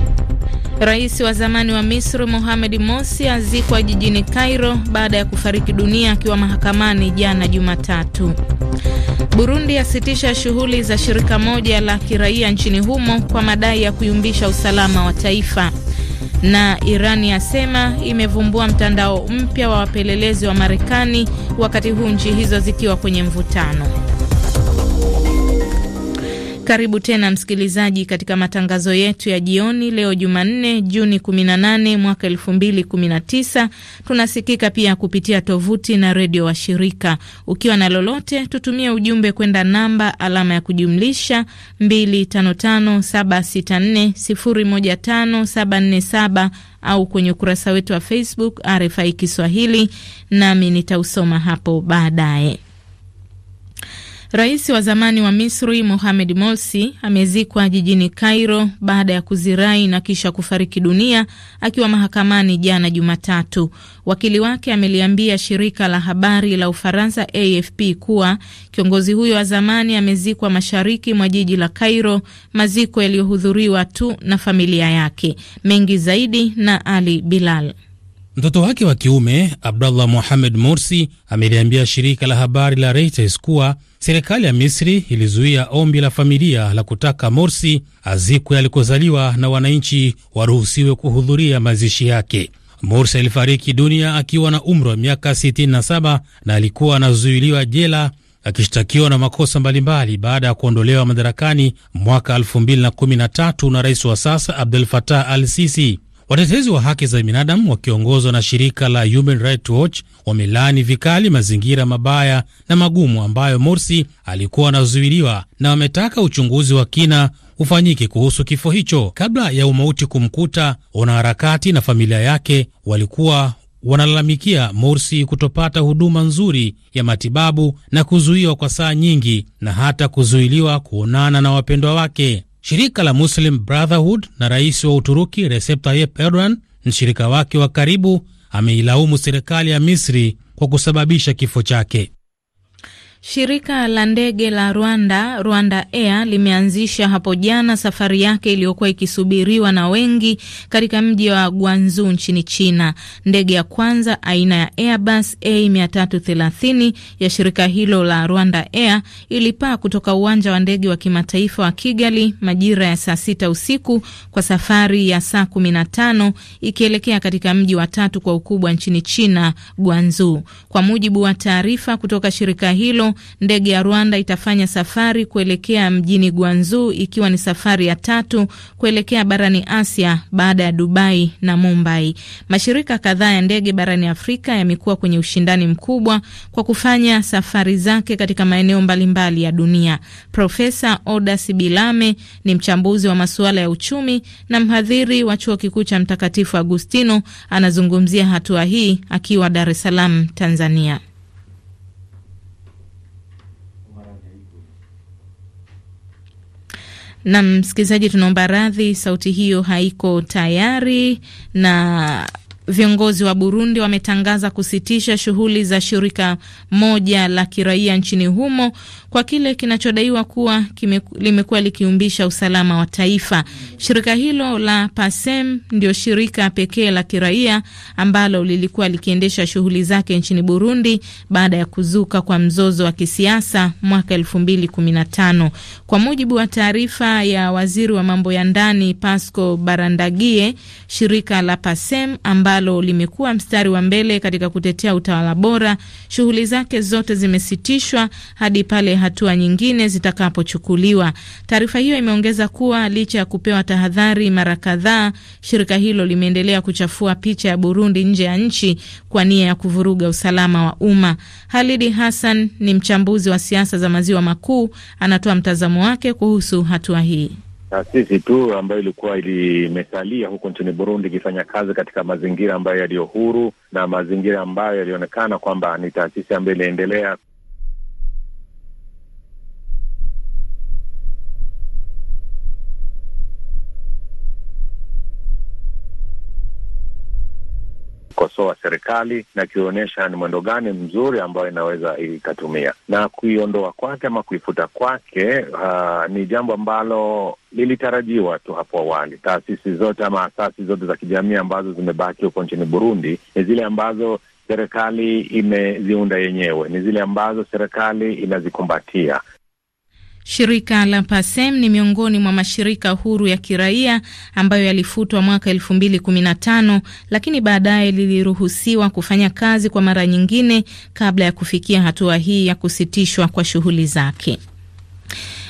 Rais wa zamani wa Misri Mohamed Morsi azikwa jijini Cairo baada ya kufariki dunia akiwa mahakamani jana Jumatatu. Burundi yasitisha shughuli za shirika moja la kiraia nchini humo kwa madai ya kuyumbisha usalama wa taifa. Na Irani yasema imevumbua mtandao mpya wa wapelelezi wa Marekani wakati huu nchi hizo zikiwa kwenye mvutano. Karibu tena msikilizaji, katika matangazo yetu ya jioni leo Jumanne, Juni 18 mwaka 2019. Tunasikika pia kupitia tovuti na redio wa shirika. Ukiwa na lolote, tutumie ujumbe kwenda namba alama ya kujumlisha 255764015747 au kwenye ukurasa wetu wa Facebook RFI Kiswahili, nami nitausoma hapo baadaye. Rais wa zamani wa Misri Mohamed Morsi amezikwa jijini Cairo baada ya kuzirai na kisha kufariki dunia akiwa mahakamani jana Jumatatu. Wakili wake ameliambia shirika la habari la Ufaransa AFP kuwa kiongozi huyo wa zamani amezikwa mashariki mwa jiji la Cairo, maziko yaliyohudhuriwa tu na familia yake. Mengi zaidi na Ali Bilal. Mtoto wake wa kiume Abdullah Mohamed Morsi ameliambia shirika la habari la Reuters kuwa serikali ya Misri ilizuia ombi la familia la kutaka Morsi azikwe alikozaliwa na wananchi waruhusiwe kuhudhuria mazishi yake. Morsi alifariki dunia akiwa na umri wa miaka 67 na alikuwa anazuiliwa jela akishtakiwa na makosa mbalimbali baada ya kuondolewa madarakani mwaka 2013 na rais wa sasa Abdel Fattah al-Sisi. Watetezi wa haki za binadamu wakiongozwa na shirika la Human Rights Watch wamelaani vikali mazingira mabaya na magumu ambayo Morsi alikuwa anazuiliwa na wametaka uchunguzi wa kina ufanyike kuhusu kifo hicho. Kabla ya umauti kumkuta, wanaharakati na familia yake walikuwa wanalalamikia Morsi kutopata huduma nzuri ya matibabu na kuzuiwa kwa saa nyingi na hata kuzuiliwa kuonana na wapendwa wake. Shirika la Muslim Brotherhood na rais wa Uturuki Recep Tayyip Erdogan, mshirika wake wa karibu, ameilaumu serikali ya Misri kwa kusababisha kifo chake. Shirika la ndege la Rwanda, Rwanda Air, limeanzisha hapo jana safari yake iliyokuwa ikisubiriwa na wengi katika mji wa guanzu nchini China. Ndege ya kwanza aina ya Airbus A330 ya shirika hilo la Rwanda Air ilipaa kutoka uwanja wa ndege wa kimataifa wa Kigali majira ya saa sita usiku kwa safari ya saa 15 ikielekea katika mji wa tatu kwa ukubwa nchini China, guanzu kwa mujibu wa taarifa kutoka shirika hilo ndege ya Rwanda itafanya safari kuelekea mjini Guangzhou ikiwa ni safari ya tatu kuelekea barani Asia baada ya Dubai na Mumbai. Mashirika kadhaa ya ndege barani Afrika yamekuwa kwenye ushindani mkubwa kwa kufanya safari zake katika maeneo mbalimbali ya dunia. Profesa Oda Sibilame ni mchambuzi wa masuala ya uchumi na mhadhiri wa chuo kikuu cha Mtakatifu Agustino anazungumzia hatua hii akiwa Dar es Salaam, Tanzania. Na msikilizaji, tunaomba radhi, sauti hiyo haiko tayari na Viongozi wa Burundi wametangaza kusitisha shughuli za shirika moja la kiraia nchini humo kwa kile kinachodaiwa kuwa kime, limekuwa likiumbisha usalama wa taifa. Shirika hilo la PASEM ndio shirika pekee la kiraia ambalo lilikuwa likiendesha shughuli zake nchini Burundi baada ya kuzuka kwa mzozo wa kisiasa mwaka 2015. Kwa mujibu wa taarifa ya waziri wa mambo ya ndani Pasco Barandagie, shirika la PASEM ambalo ambalo limekuwa mstari wa mbele katika kutetea utawala bora, shughuli zake zote zimesitishwa hadi pale hatua nyingine zitakapochukuliwa. Taarifa hiyo imeongeza kuwa licha ya kupewa tahadhari mara kadhaa, shirika hilo limeendelea kuchafua picha ya Burundi nje ya nchi kwa nia ya kuvuruga usalama wa umma. Halidi Hassan ni mchambuzi wa siasa za maziwa makuu, anatoa mtazamo wake kuhusu hatua hii taasisi tu ambayo ilikuwa ilimesalia huko nchini Burundi ikifanya kazi katika mazingira ambayo yaliyo huru na mazingira ambayo yalionekana kwamba ni taasisi ambayo iliendelea kukosoa serikali na ikionyesha ni mwendo gani mzuri ambayo inaweza ikatumia, na kuiondoa kwake ama kuifuta kwake uh, ni jambo ambalo lilitarajiwa tu hapo awali. Taasisi zote ama asasi zote za kijamii ambazo zimebaki huko nchini Burundi ni zile ambazo serikali imeziunda yenyewe, ni zile ambazo serikali inazikumbatia. Shirika la PASEM ni miongoni mwa mashirika huru ya kiraia ambayo yalifutwa mwaka 2015 lakini baadaye liliruhusiwa kufanya kazi kwa mara nyingine kabla ya kufikia hatua hii ya kusitishwa kwa shughuli zake.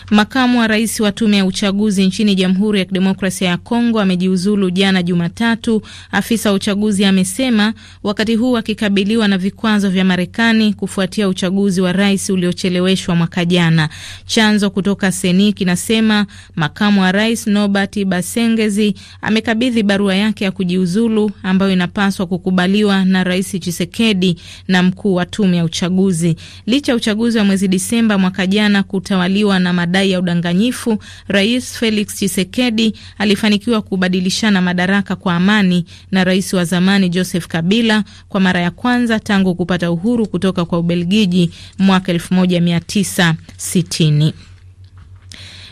Makamu wa rais wa tume ya uchaguzi nchini Jamhuri ya Kidemokrasia ya Kongo amejiuzulu jana Jumatatu, afisa wa uchaguzi amesema, wakati huu akikabiliwa na vikwazo vya Marekani kufuatia uchaguzi wa rais uliocheleweshwa mwaka jana. Chanzo kutoka Seni kinasema makamu wa rais Nobert Basengezi amekabidhi barua yake ya kujiuzulu ambayo inapaswa kukubaliwa na Rais Chisekedi na mkuu wa tume ya uchaguzi, licha ya uchaguzi wa mwezi Disemba mwaka jana kutawaliwa na madai madai ya udanganyifu, Rais Felix chisekedi alifanikiwa kubadilishana madaraka kwa amani na rais wa zamani Joseph Kabila kwa mara ya kwanza tangu kupata uhuru kutoka kwa Ubelgiji mwaka 1960.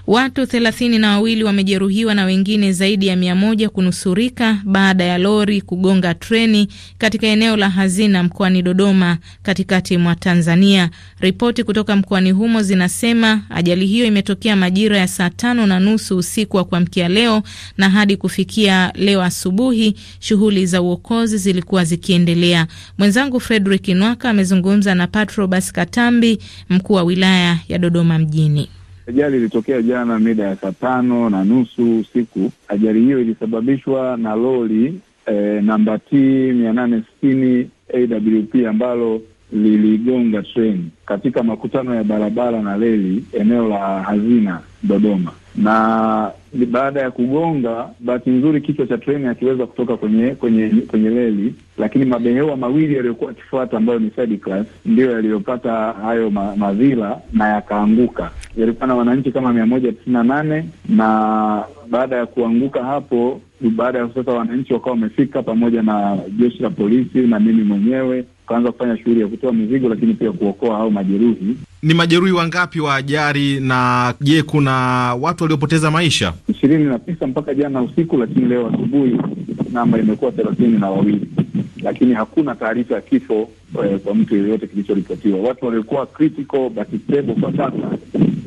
Watu thelathini na wawili wamejeruhiwa na wengine zaidi ya mia moja kunusurika baada ya lori kugonga treni katika eneo la Hazina mkoani Dodoma, katikati mwa Tanzania. Ripoti kutoka mkoani humo zinasema ajali hiyo imetokea majira ya saa tano na nusu usiku wa kuamkia leo, na hadi kufikia leo asubuhi shughuli za uokozi zilikuwa zikiendelea. Mwenzangu Frederick Nwaka amezungumza na Patrobas Katambi, mkuu wa wilaya ya Dodoma mjini. Ajali ilitokea jana mida ya saa tano na nusu usiku. Ajali hiyo ilisababishwa na lori eh, namba T mia nane sitini AWP ambalo liligonga treni katika makutano ya barabara na reli eneo la Hazina Dodoma, na baada ya kugonga, bahati nzuri kichwa cha treni akiweza kutoka kwenye kwenye kwenye reli, lakini mabehewa mawili yaliyokuwa akifuata ambayo ni class ndiyo yaliyopata hayo ma, madhila na yakaanguka. Yalikuwa na wananchi kama mia moja tisini na nane na baada ya kuanguka hapo, baada ya sasa wananchi wakawa wamefika pamoja na jeshi la polisi na mimi mwenyewe kuanza kufanya shughuli ya kutoa mizigo, lakini pia kuokoa au majeruhi. Ni majeruhi wangapi wa ajali, na je, kuna watu waliopoteza maisha? ishirini na tisa mpaka jana usiku, lakini leo asubuhi namba imekuwa thelathini na wawili lakini hakuna taarifa ya kifo eh, kwa mtu yeyote kilichoripotiwa. Watu waliokuwa critical but stable kwa sasa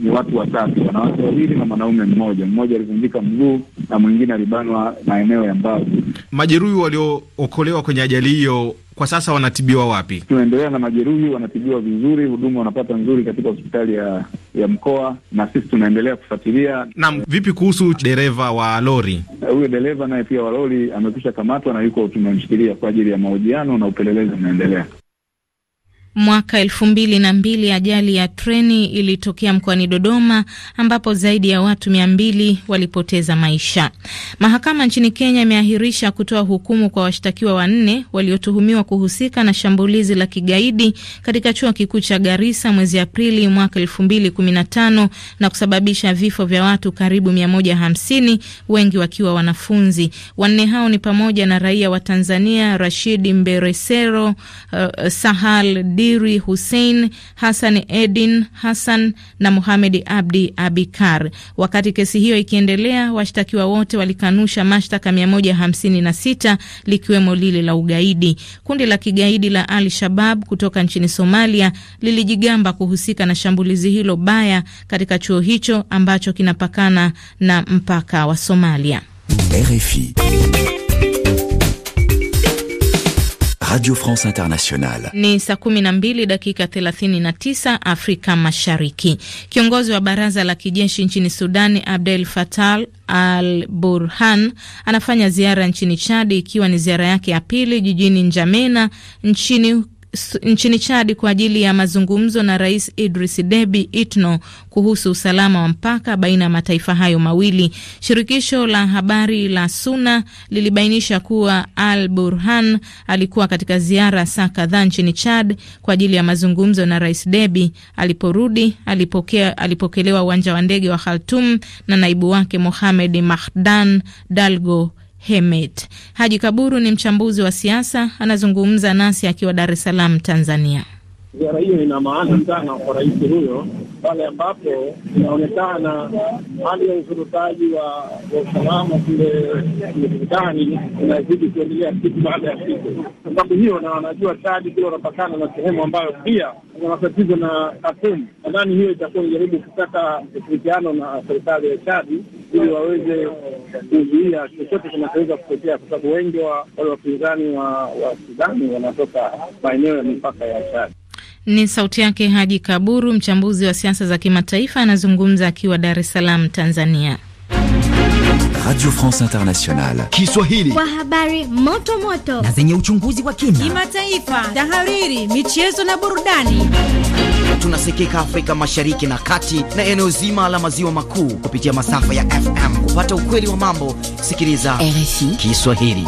ni watu watatu, wanawake wawili na mwanaume mmoja. Mmoja alivunjika mguu na mwingine alibanwa maeneo ya mbavu. Majeruhi waliookolewa kwenye ajali hiyo kwa sasa wanatibiwa wapi? Tunaendelea na majeruhi, wanatibiwa vizuri, huduma wanapata nzuri katika hospitali ya ya mkoa, na sisi tunaendelea kufuatilia. Na vipi kuhusu dereva wa lori? Eh, huyo dereva naye pia wa lori amekwisha kamatwa na yuko tumemshikilia kwa ajili ya mahojiano na upelelezi unaendelea. Mwaka elfu mbili na mbili ajali ya treni ilitokea mkoani Dodoma ambapo zaidi ya watu mia mbili walipoteza maisha. Mahakama nchini Kenya imeahirisha kutoa hukumu kwa washtakiwa wanne waliotuhumiwa kuhusika na shambulizi la kigaidi katika chuo kikuu cha Garissa mwezi Aprili mwaka elfu mbili kumi na tano na kusababisha vifo vya watu karibu mia moja hamsini, wengi wakiwa wanafunzi. Wanne hao ni pamoja na raia wa Tanzania Rashid Mberesero, uh, Sahal Kadiri Hussein Hassan, Edin Hassan na Mohamed Abdi Abikar. Wakati kesi hiyo ikiendelea, washtakiwa wote walikanusha mashtaka 156 likiwemo lile la ugaidi. Kundi la kigaidi la Al Shabab kutoka nchini Somalia lilijigamba kuhusika na shambulizi hilo baya katika chuo hicho ambacho kinapakana na mpaka wa Somalia. RFI. Radio France Internationale. Ni saa 12 dakika 39 Afrika Mashariki. Kiongozi wa baraza la kijeshi nchini Sudani, Abdel Fattah Al Burhan anafanya ziara nchini Chadi ikiwa ni ziara yake ya pili jijini Njamena nchini nchini Chad kwa ajili ya mazungumzo na Rais Idris Deby Itno kuhusu usalama wa mpaka baina ya mataifa hayo mawili. Shirikisho la habari la Suna lilibainisha kuwa Al Burhan alikuwa katika ziara saa kadhaa nchini Chad kwa ajili ya mazungumzo na Rais Deby. Aliporudi alipokea, alipokelewa uwanja wa ndege wa Khartoum na naibu wake Mohamed Mahdan Dalgo Hemet. Haji Kaburu ni mchambuzi wa siasa, anazungumza nasi akiwa Dar es Salaam, Tanzania ziara hiyo ina maana sana kwa rais huyo, pale ambapo inaonekana hali ya uzurutaji wa usalama kule Marekani inazidi kuendelea siku baada ya siku, sababu hiyo, na wanajua Chadi kule wanapakana na sehemu ambayo pia na matatizo na Khartoum. Nadhani hiyo itakuwa ijaribu kupata ushirikiano na serikali ya Chadi ili waweze kuzuia chochote kinachoweza kutokea, kwa sababu wengi wa wale wapinzani wa Sudani wanatoka maeneo ya mipaka ya Chadi. Ni sauti yake Haji Kaburu, mchambuzi wa siasa za kimataifa, anazungumza akiwa Dar es Salaam, Tanzania. Radio France Internationale Kiswahili, kwa habari moto moto na zenye uchunguzi wa kina, kimataifa, tahariri, michezo na burudani. Tunasikika Afrika Mashariki na Kati na eneo zima la maziwa makuu kupitia masafa ya FM. Kupata ukweli wa mambo, sikiliza RFI Kiswahili.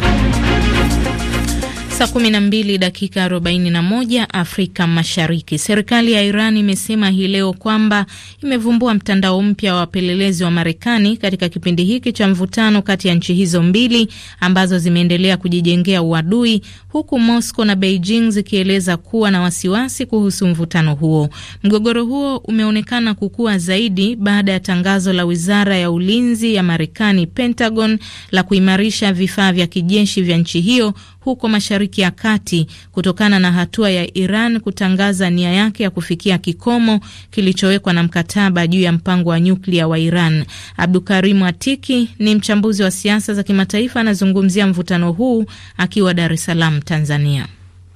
Saa 12 dakika 41 Afrika Mashariki. Serikali ya Iran imesema hii leo kwamba imevumbua mtandao mpya wa wapelelezi wa Marekani katika kipindi hiki cha mvutano kati ya nchi hizo mbili ambazo zimeendelea kujijengea uadui, huku Moscow na Beijing zikieleza kuwa na wasiwasi kuhusu mvutano huo. Mgogoro huo umeonekana kukua zaidi baada ya tangazo la Wizara ya Ulinzi ya Marekani, Pentagon, la kuimarisha vifaa vya kijeshi vya nchi hiyo huko Mashariki ya Kati kutokana na hatua ya Iran kutangaza nia yake ya kufikia kikomo kilichowekwa na mkataba juu ya mpango wa nyuklia wa Iran. Abdukarimu Atiki ni mchambuzi wa siasa za kimataifa, anazungumzia mvutano huu akiwa Dar es Salaam, Tanzania.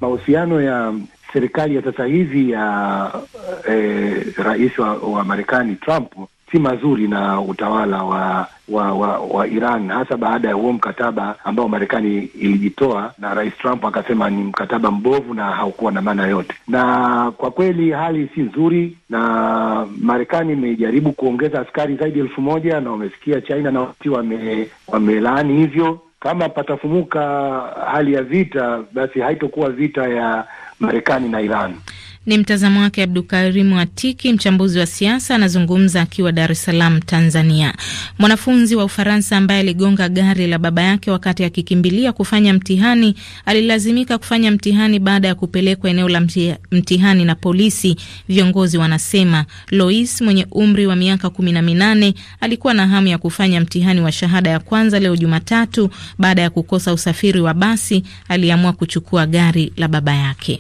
Mahusiano ya serikali ya sasa hivi ya eh, rais wa, wa Marekani Trump si mazuri na utawala wa wa, wa wa Iran hasa baada ya huo mkataba ambao Marekani ilijitoa na Rais Trump akasema ni mkataba mbovu na haukuwa na maana yote. Na kwa kweli hali si nzuri, na Marekani imejaribu kuongeza askari zaidi elfu moja na wamesikia China na wati wame, wamelaani hivyo. Kama patafumuka hali ya vita, basi haitokuwa vita ya Marekani na Iran. Ni mtazamo wake Abdukarimu Atiki, mchambuzi wa siasa, anazungumza akiwa Dar es Salaam, Tanzania. Mwanafunzi wa Ufaransa ambaye aligonga gari la baba yake wakati akikimbilia kufanya mtihani alilazimika kufanya mtihani baada ya kupelekwa eneo la mtihani na polisi, viongozi wanasema. Lois mwenye umri wa miaka kumi na minane alikuwa na hamu ya kufanya mtihani wa shahada ya kwanza leo Jumatatu. Baada ya kukosa usafiri wa basi, aliamua kuchukua gari la baba yake.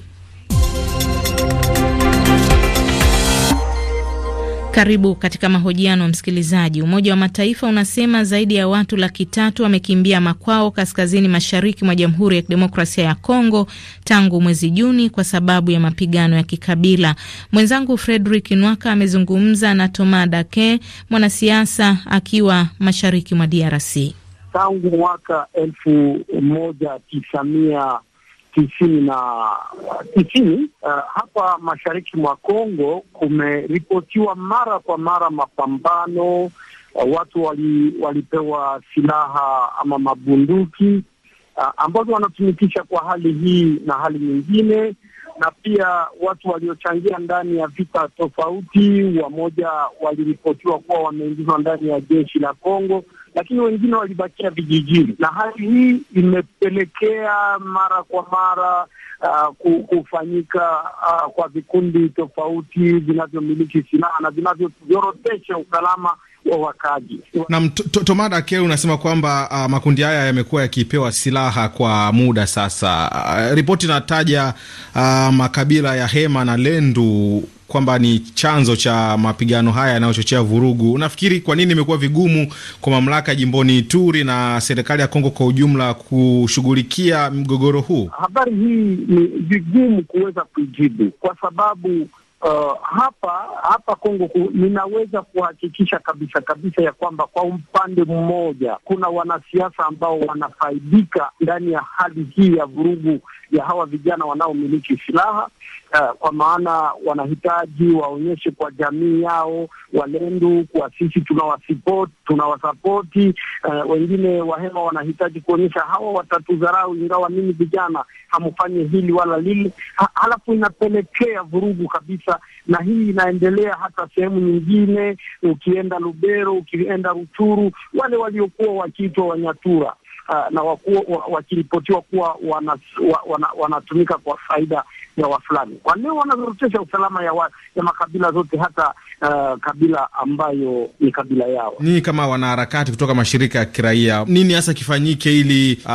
Karibu katika mahojiano msikilizaji. Umoja wa Mataifa unasema zaidi ya watu laki tatu wamekimbia makwao kaskazini mashariki mwa Jamhuri ya Kidemokrasia ya Kongo tangu mwezi Juni kwa sababu ya mapigano ya kikabila. Mwenzangu Frederick Nwaka amezungumza na tomas Dake, mwanasiasa akiwa mashariki mwa DRC. Tangu mwaka elfu moja tisamia tisini na tisini. Uh, hapa mashariki mwa Kongo kumeripotiwa mara kwa mara mapambano uh, watu wali, walipewa silaha ama mabunduki uh, ambazo wanatumikisha kwa hali hii na hali nyingine na pia watu waliochangia ndani ya vita tofauti, wamoja waliripotiwa kuwa wameingizwa ndani ya jeshi la Kongo, lakini wengine walibakia vijijini, na hali hii imepelekea mara kwa mara uh, kufanyika uh, kwa vikundi tofauti vinavyomiliki silaha na vinavyozorotesha usalama wakaji. Na Tomada Akelu unasema kwamba uh, makundi haya yamekuwa yakipewa silaha kwa muda sasa. Uh, ripoti inataja uh, makabila ya Hema na Lendu kwamba ni chanzo cha mapigano haya yanayochochea vurugu. Unafikiri kwa nini imekuwa vigumu kwa mamlaka jimboni Ituri na serikali ya Kongo kwa ujumla kushughulikia mgogoro huu? Habari hii ni vigumu kuweza kuijibu kwa sababu uh, hapa hapa Kongo ninaweza kuhakikisha kabisa kabisa ya kwamba kwa upande mmoja kuna wanasiasa ambao wanafaidika ndani ya hali hii ya vurugu ya hawa vijana wanaomiliki silaha uh, kwa maana wanahitaji waonyeshe kwa jamii yao Walendu kwa sisi tunawasapoti, tunawasapoti. Uh, wengine Wahema wanahitaji kuonyesha hawa watatudharau, ingawa mimi vijana hamfanye hili wala lile halafu inapelekea vurugu kabisa, na hii inaendelea hata sehemu nyingine, ukienda Lubero, ukienda Ruchuru, wale waliokuwa wakiitwa Wanyatura ah, na wakiripotiwa kuwa wanatumika kwa faida ya Wafulani. Kwa leo wanazorotesha usalama ya, wa, ya makabila zote hata uh, kabila ambayo ni kabila yao. Ninyi kama wanaharakati kutoka mashirika ya kiraia, nini hasa kifanyike ili uh,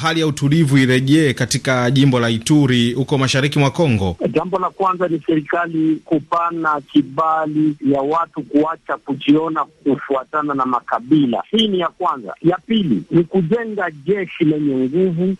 hali ya utulivu irejee katika jimbo la Ituri huko mashariki mwa Kongo? Jambo la kwanza ni serikali kupana kibali ya watu kuacha kujiona kufuatana na makabila. Hii ni ya kwanza. Ya pili ni kujenga jeshi lenye nguvu,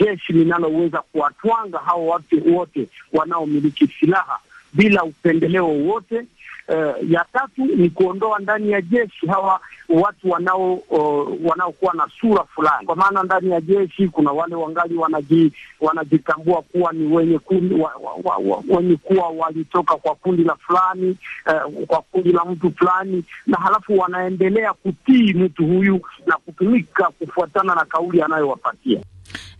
jeshi linaloweza kuwatwanga hao watu wote wote wanaomiliki silaha bila upendeleo wowote. Uh, ya tatu ni kuondoa ndani ya jeshi hawa watu wanao uh, wanaokuwa na sura fulani, kwa maana ndani ya jeshi kuna wale wangali wanaji, wanajitambua kuwa ni wenye kundi, wa, wa, wa, wenye kuwa walitoka kwa kundi la fulani uh, kwa kundi la mtu fulani, na halafu wanaendelea kutii mtu huyu na kutumika kufuatana na kauli anayowapatia.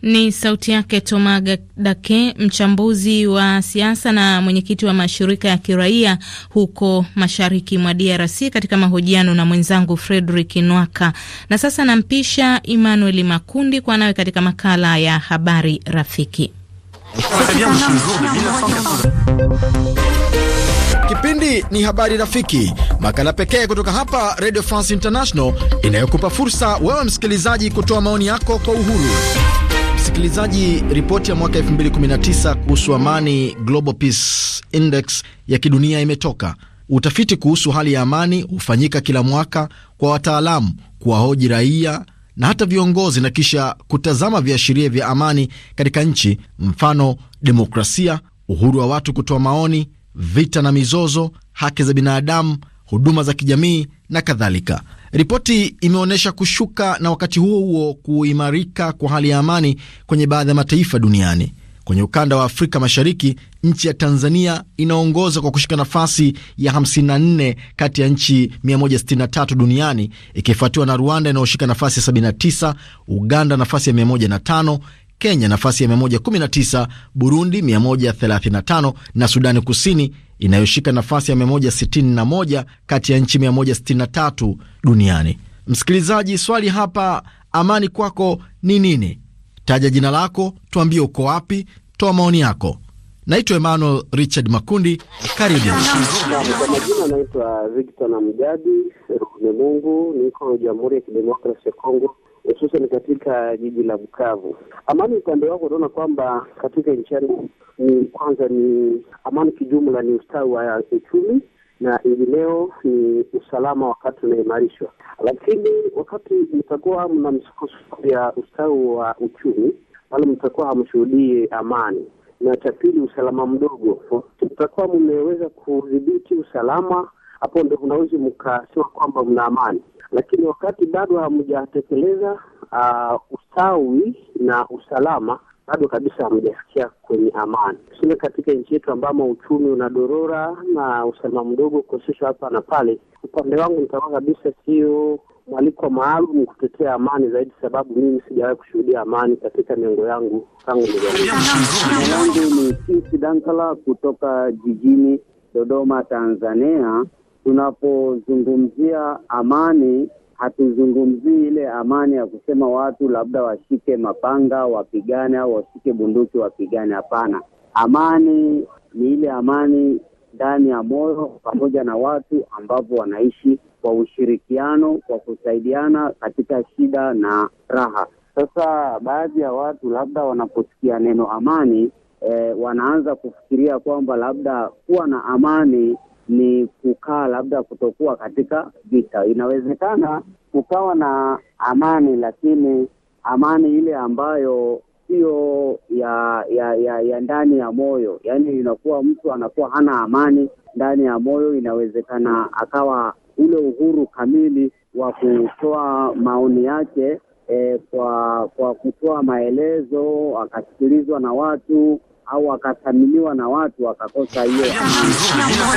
Ni sauti yake Toma Dake, mchambuzi wa siasa na mwenyekiti wa mashirika ya kiraia huko mashariki mwa DRC, katika mahojiano na mwenzangu Fredrik Nwaka. Na sasa nampisha Emmanuel Makundi kwa nawe katika makala ya habari rafiki Kipindi ni Habari Rafiki, makala pekee kutoka hapa Radio France International inayokupa fursa wewe msikilizaji kutoa maoni yako kwa uhuru. Msikilizaji, ripoti ya mwaka 2019 kuhusu amani, Global Peace Index ya kidunia imetoka. Utafiti kuhusu hali ya amani hufanyika kila mwaka kwa wataalamu kuwahoji raia na hata viongozi na kisha kutazama viashiria vya amani katika nchi, mfano demokrasia, uhuru wa watu kutoa maoni vita na mizozo, haki za binadamu, huduma za kijamii na kadhalika. Ripoti imeonyesha kushuka na wakati huo huo kuimarika kwa hali ya amani kwenye baadhi ya mataifa duniani. Kwenye ukanda wa Afrika Mashariki, nchi ya Tanzania inaongoza kwa kushika nafasi ya 54 kati ya nchi 163 duniani ikifuatiwa na Rwanda inayoshika nafasi ya 79, Uganda nafasi ya 105, Kenya nafasi ya 119, Burundi 135 na Sudani Kusini inayoshika nafasi ya 161 kati ya nchi 163 duniani. Msikilizaji, swali hapa, amani kwako ni nini? Taja jina lako, tuambie uko wapi, toa maoni yako. Naitwa Emmanuel Richard Makundi, karibu. Kwa majina naitwa Victor na Mjadi mungu niko Jamhuri ya Kidemokrasi ya Kongo hususan katika jiji la Bukavu. Amani upande wako, unaona kwamba katika nchini ni kwanza, ni amani kijumla, ni ustawi wa uchumi na ingineo ni usalama wakati unaimarishwa, lakini wakati mtakuwa mna msukosuko ya ustawi wa uchumi, bali mtakuwa hamshuhudie amani, na cha pili usalama mdogo, mtakuwa mmeweza kudhibiti usalama hapo ndo mnaweza mkasema kwamba mna amani, lakini wakati bado hamjatekeleza uh, usawi na usalama bado kabisa hamjafikia kwenye amani. Tuseme katika nchi yetu ambamo uchumi unadorora na usalama mdogo ukoseshwa hapa na pale, upande wangu nitakuwa kabisa sio mwaliko maalum kutetea amani zaidi, sababu mimi sijawahi kushuhudia amani katika miongo yangu tangu nijangu. Ni Dankala kutoka jijini Dodoma, Tanzania tunapozungumzia amani hatuzungumzii ile amani ya kusema watu labda washike mapanga wapigane au washike bunduki wapigane. Hapana, amani ni ile amani ndani ya moyo pamoja na watu ambapo wanaishi kwa ushirikiano, kwa kusaidiana katika shida na raha. Sasa baadhi ya watu labda wanaposikia neno amani, eh, wanaanza kufikiria kwamba labda kuwa na amani ni kukaa labda kutokuwa katika vita. Inawezekana kukawa na amani, lakini amani ile ambayo sio ya ya, ya ya ndani ya moyo, yaani inakuwa mtu anakuwa hana amani ndani ya moyo, inawezekana akawa ule uhuru kamili wa kutoa maoni yake e, kwa kwa kutoa maelezo akasikilizwa na watu au akathaminiwa na watu akakosa hiyo.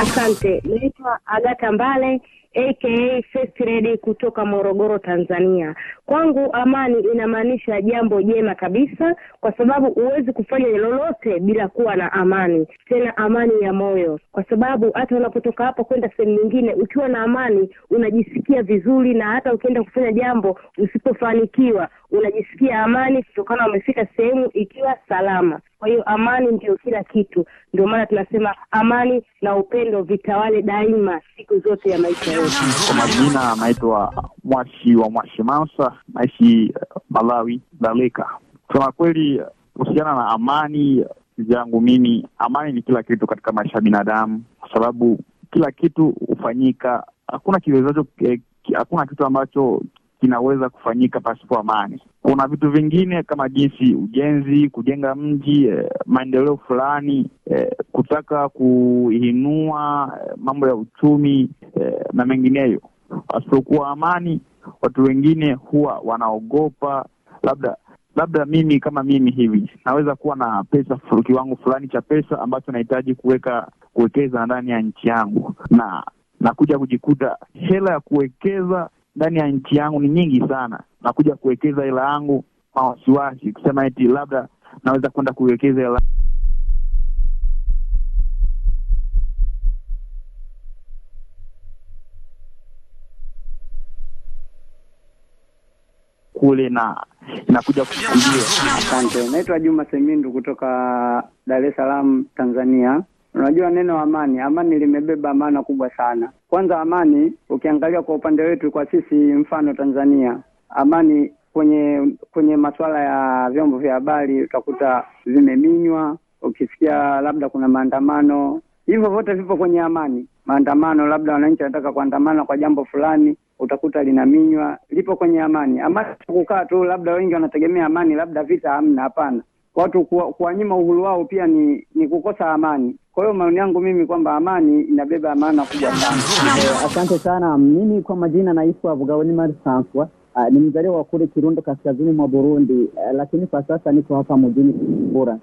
Asante, naitwa Agata Mbale aka First Lady kutoka Morogoro, Tanzania. Kwangu amani inamaanisha jambo jema kabisa, kwa sababu huwezi kufanya lolote bila kuwa na amani, tena amani ya moyo, kwa sababu hata unapotoka hapa kwenda sehemu nyingine, ukiwa na amani unajisikia vizuri, na hata ukienda kufanya jambo usipofanikiwa, unajisikia amani kutokana umefika sehemu ikiwa salama. Kwa hiyo amani ndio kila kitu. Ndio maana tunasema amani na upendo vitawale daima siku zote ya maisha yote Kwa majina anaitwa Mwashi wa Mwashi Mansa, naishi eh, Malawi, Daleka. Kusema kweli, kuhusiana na amani yangu mimi, amani ni kila kitu katika maisha ya binadamu, kwa sababu kila kitu hufanyika, hakuna kiwezacho, eh, hakuna kitu ambacho kinaweza kufanyika pasipo amani. Kuna vitu vingine kama jinsi ujenzi, kujenga mji, eh, maendeleo fulani, eh, kutaka kuinua eh, mambo ya uchumi eh, na mengineyo. Pasipokuwa amani, watu wengine huwa wanaogopa labda labda mimi kama mimi hivi naweza kuwa na pesa kiwango fulani cha pesa ambacho nahitaji kuweka kuwekeza ndani ya nchi yangu, na nakuja kujikuta hela ya kuwekeza ndani ya nchi yangu ni nyingi sana. Nakuja kuwekeza hela yangu kwa wasiwasi, kusema eti labda naweza kwenda kuwekeza hela kule na inakuja kuia Asante. Naitwa Juma Semindu kutoka Dar es Salaam, Tanzania. Unajua neno amani, amani limebeba maana kubwa sana. Kwanza, amani ukiangalia kwa upande wetu, kwa sisi, mfano Tanzania, amani kwenye kwenye masuala ya vyombo vya habari utakuta vimeminywa. Ukisikia labda kuna maandamano, hivyo vyote vipo kwenye amani. Maandamano, labda wananchi wanataka kuandamana kwa jambo fulani, utakuta linaminywa, lipo kwenye amani. Amani kukaa tu, labda wengi wanategemea amani, labda vita. Hamna, hapana. Watu kuwanyima uhuru wao pia ni, ni kukosa amani. Kwa hiyo maoni yangu mimi kwamba amani inabeba maana kubwa sana. Asante sana. Mimi kwa majina naitwa Bugaoni Marisanswa. Uh, ah, ni mzaliwa wa kule Kirundo kaskazini mwa Burundi uh, lakini kwa sasa niko hapa mjini Bujumbura.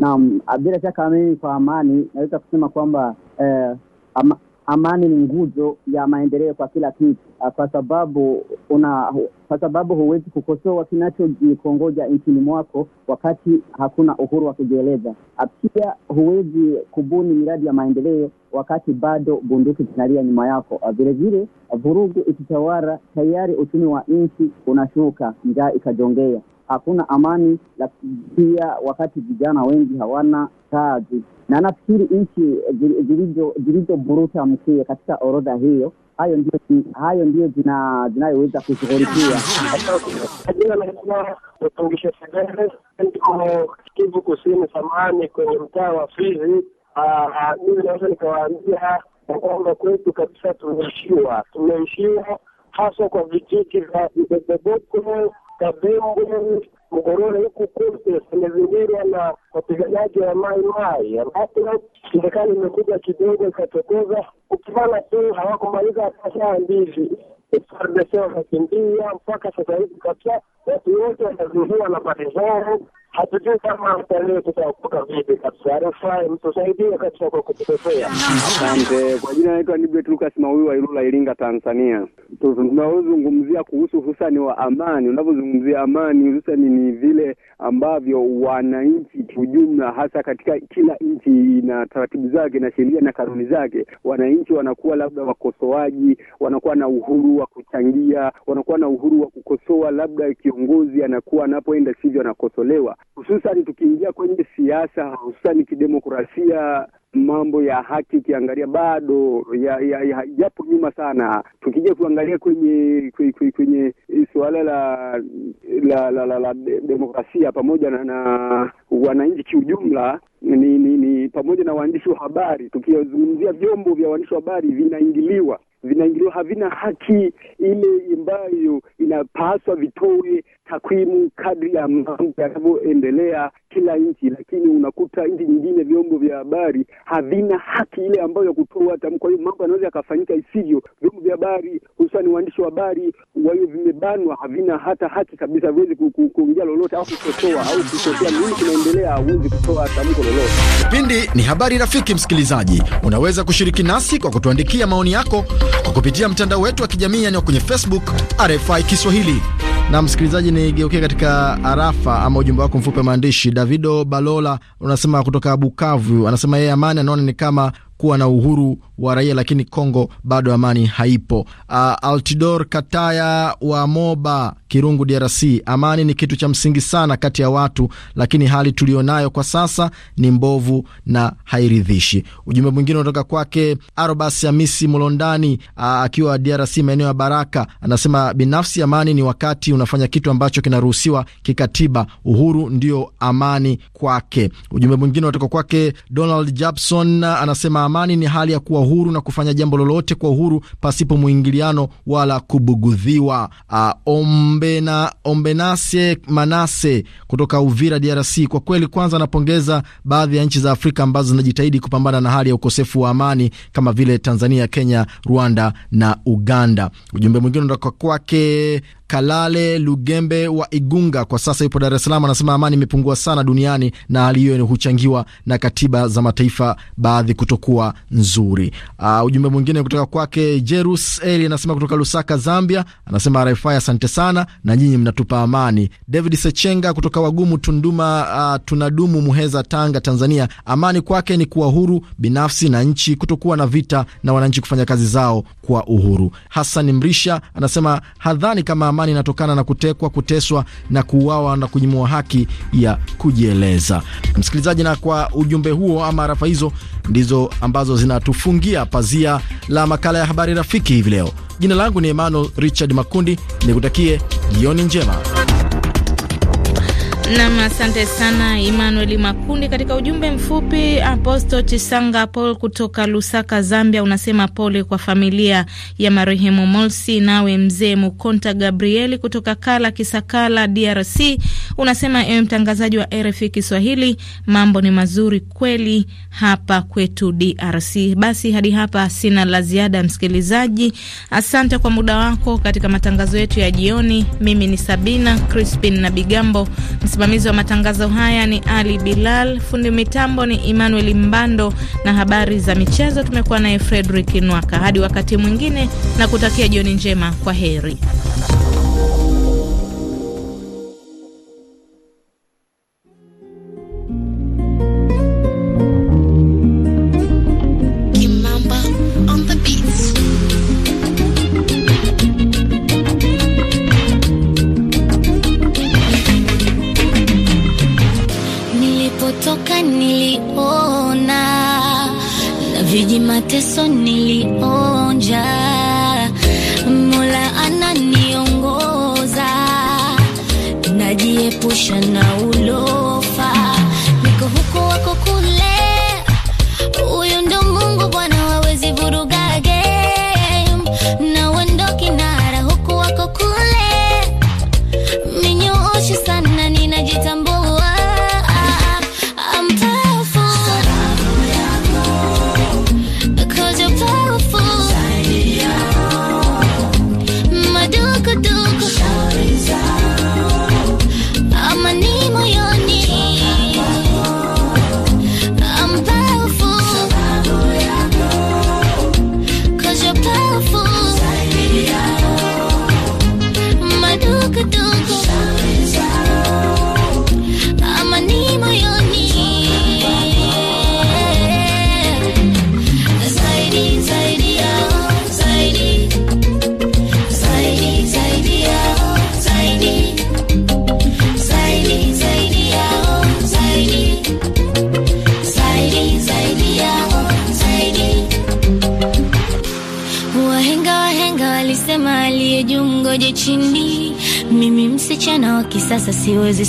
Naam, ah, bila shaka mimi kwa amani naweza kusema kwamba uh, ama, amani ni nguzo ya maendeleo kwa kila kitu, ah, kwa sababu una kwa sababu huwezi kukosoa kinachojikongoja nchini mwako wakati hakuna uhuru wa kujieleza. Ah, pia huwezi kubuni miradi ya maendeleo wakati bado bunduki zinalia nyuma yako. Vilevile ah, vurugu ikitawara, tayari uchumi wa nchi unashuka, njaa ikajongea hakuna amani, lakini pia wakati vijana wengi hawana kazi, na nafikiri nchi zilizoburuta mkie katika orodha hiyo hayo ndio hayo ndio zinayoweza kushughulikia jina naitwa Mtungisha niko Kivu Kusini, samani kwenye mtaa wa Fizi. Ah, ah, mimi naweza nikawaambia ya kwamba kwetu kabisa tumeishiwa, tumeishiwa haswa kwa vijiji vya Ibebeboko Kabembe, Mgorore huku kote zimezingirwa na wapiganaji wa Mai Mai, ambapo serikali imekuja kidogo ikatokoza. Ukimana tu hawakumaliza hata saa mbili wakakimbia mpaka sasa hivi kabisa, watu wote wanazingirwa na pande zao hatujui kama watalii vipi kabisa. RFI mtusaidie kabisa kwa Asante. Kwa jina naitwa Nibet Lukas Mawiu wa Ilula, Iringa, Tanzania. Tunaozungumzia kuhusu hususani wa amani, unavyozungumzia amani hususani ni vile ambavyo wananchi kiujumla, hasa katika kila nchi na taratibu zake na sheria na kanuni zake, wananchi wanakuwa labda wakosoaji, wanakuwa na uhuru wa kuchangia, wanakuwa na uhuru wa kukosoa, labda kiongozi anakuwa anapoenda sivyo anakosolewa hususani tukiingia kwenye siasa, hususani kidemokrasia mambo ya haki ukiangalia bado ya, ya, ya, yapo nyuma sana. Tukija kuangalia kwenye kwenye, kwenye suala la la, la, la, la de, demokrasia pamoja na, na wananchi kiujumla ni, ni, ni pamoja na waandishi wa habari. Tukizungumzia vyombo vya waandishi wa habari vinaingiliwa vinaingiliwa havina haki ile ambayo inapaswa vitoe takwimu kadri ya mambo yanavyoendelea kila nchi, lakini unakuta nchi nyingine vyombo vya habari havina haki ile ambayo ya kutoa tamko. Kwa hiyo mambo yanaweza yakafanyika isivyo. Vyombo vya habari hususan waandishi wa habari wao vimebanwa, havina hata haki kabisa, viwezi kuongea lolote au kutotoa au kuchochea nini kinaendelea, hawezi kutoa tamko lolote. Kipindi ni habari rafiki. Msikilizaji, unaweza kushiriki nasi kwa kutuandikia maoni yako kwa kupitia mtandao wetu wa kijamii, yaani kwenye Facebook RFI Kiswahili. Na msikilizaji, nigeukia katika arafa ama ujumbe wako mfupi wa maandishi. Davido Balola unasema kutoka Bukavu, anasema yeye amani anaona ni kama kuwa na uhuru wa raia, lakini Kongo bado amani haipo. Uh, Altidor Kataya wa Moba Kirungu, DRC, amani ni kitu cha msingi sana kati ya watu, lakini hali nayo kwa sasa ni mbovu na hairidhishi. Ujumbe mwingine unatoka kwake Arobas Hamisi Mulondani ah, akiwa DRC, maeneo ya Baraka, anasema binafsi, amani ni wakati unafanya kitu ambacho kinaruhusiwa kikatiba. Uhuru ndio amani kwake. Ujumbe mwingine unatoka kwake Donald Japson anasema amani ni hali ya kuwa huru na kufanya jambo lolote kwa uhuru pasipo mwingiliano wala kubugudhiwa. Uh, ah, ombena, Ombenase Manase kutoka Uvira, DRC. Kwa kweli, kwanza anapongeza baadhi ya nchi za Afrika ambazo zinajitahidi kupambana na hali ya ukosefu wa amani kama vile Tanzania, Kenya, Rwanda na Uganda. Ujumbe mwingine unatoka kwake Kalale Lugembe wa Igunga, kwa sasa yupo Dar es Salaam, anasema amani imepungua sana duniani na hali hiyo huchangiwa na katiba za mataifa baadhi kutokuwa kuwa nzuri. Uh, ujumbe mwingine kutoka kwake Jerus Eli anasema kutoka Lusaka, Zambia, anasema RFI asante sana na nyinyi mnatupa amani. David Sechenga kutoka Wagumu, Tunduma, uh, tunadumu Muheza, Tanga, Tanzania, amani kwake ni kuwa huru binafsi na nchi, kutokuwa na vita na wananchi kufanya kazi zao kwa uhuru. Hassan Mrisha anasema hadhani kama amani inatokana na kutekwa, kuteswa na kuuawa na kunyimwa haki ya kujieleza. Msikilizaji, na kwa ujumbe huo ama arafa hizo ndizo ambazo zinatufungia pazia la makala ya habari rafiki hivi leo. Jina langu ni Emmanuel Richard Makundi, nikutakie jioni njema. Nam, asante sana Emmanuel Makundi. Katika ujumbe mfupi, Aposto Chisanga Paul kutoka Lusaka, Zambia, unasema pole kwa familia ya marehemu Molsi. Nawe mzee Mukonta Gabrieli kutoka Kala Kisakala, DRC, unasema ewe mtangazaji wa RFI Kiswahili, mambo ni mazuri kweli hapa kwetu DRC. Basi hadi hapa sina la ziada, msikilizaji. Asante kwa muda wako katika matangazo yetu ya jioni. Mimi ni Sabina Crispin na Bigambo. Msimamizi wa matangazo haya ni Ali Bilal, fundi mitambo ni Emmanuel Mbando, na habari za michezo tumekuwa naye Frederick Nwaka. Hadi wakati mwingine, na kutakia jioni njema, kwa heri.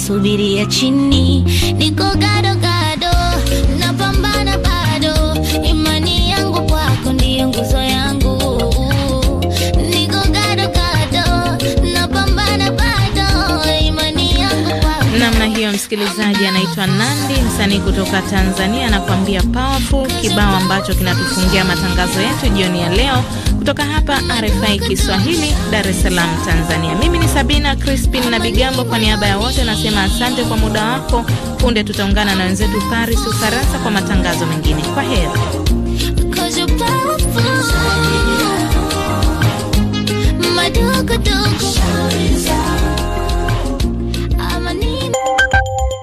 subiria chini, niko gado gado, napambana bado, imani yangu kwako ndiyo nguzo yangu. Niko gado gado, napambana bado, imani yangu kwako. Namna hiyo, msikilizaji anaitwa Nandi, msanii kutoka Tanzania, anakuambia powerful, kibao ambacho kinatufungia matangazo yetu jioni ya leo kutoka hapa RFI Kiswahili, Dar es Salaam, Tanzania. Mimi ni Sabina Crispin na Bigambo, kwa niaba ya wote nasema asante kwa muda wako. Punde tutaungana na wenzetu Paris, Ufaransa, kwa matangazo mengine. Kwa heri.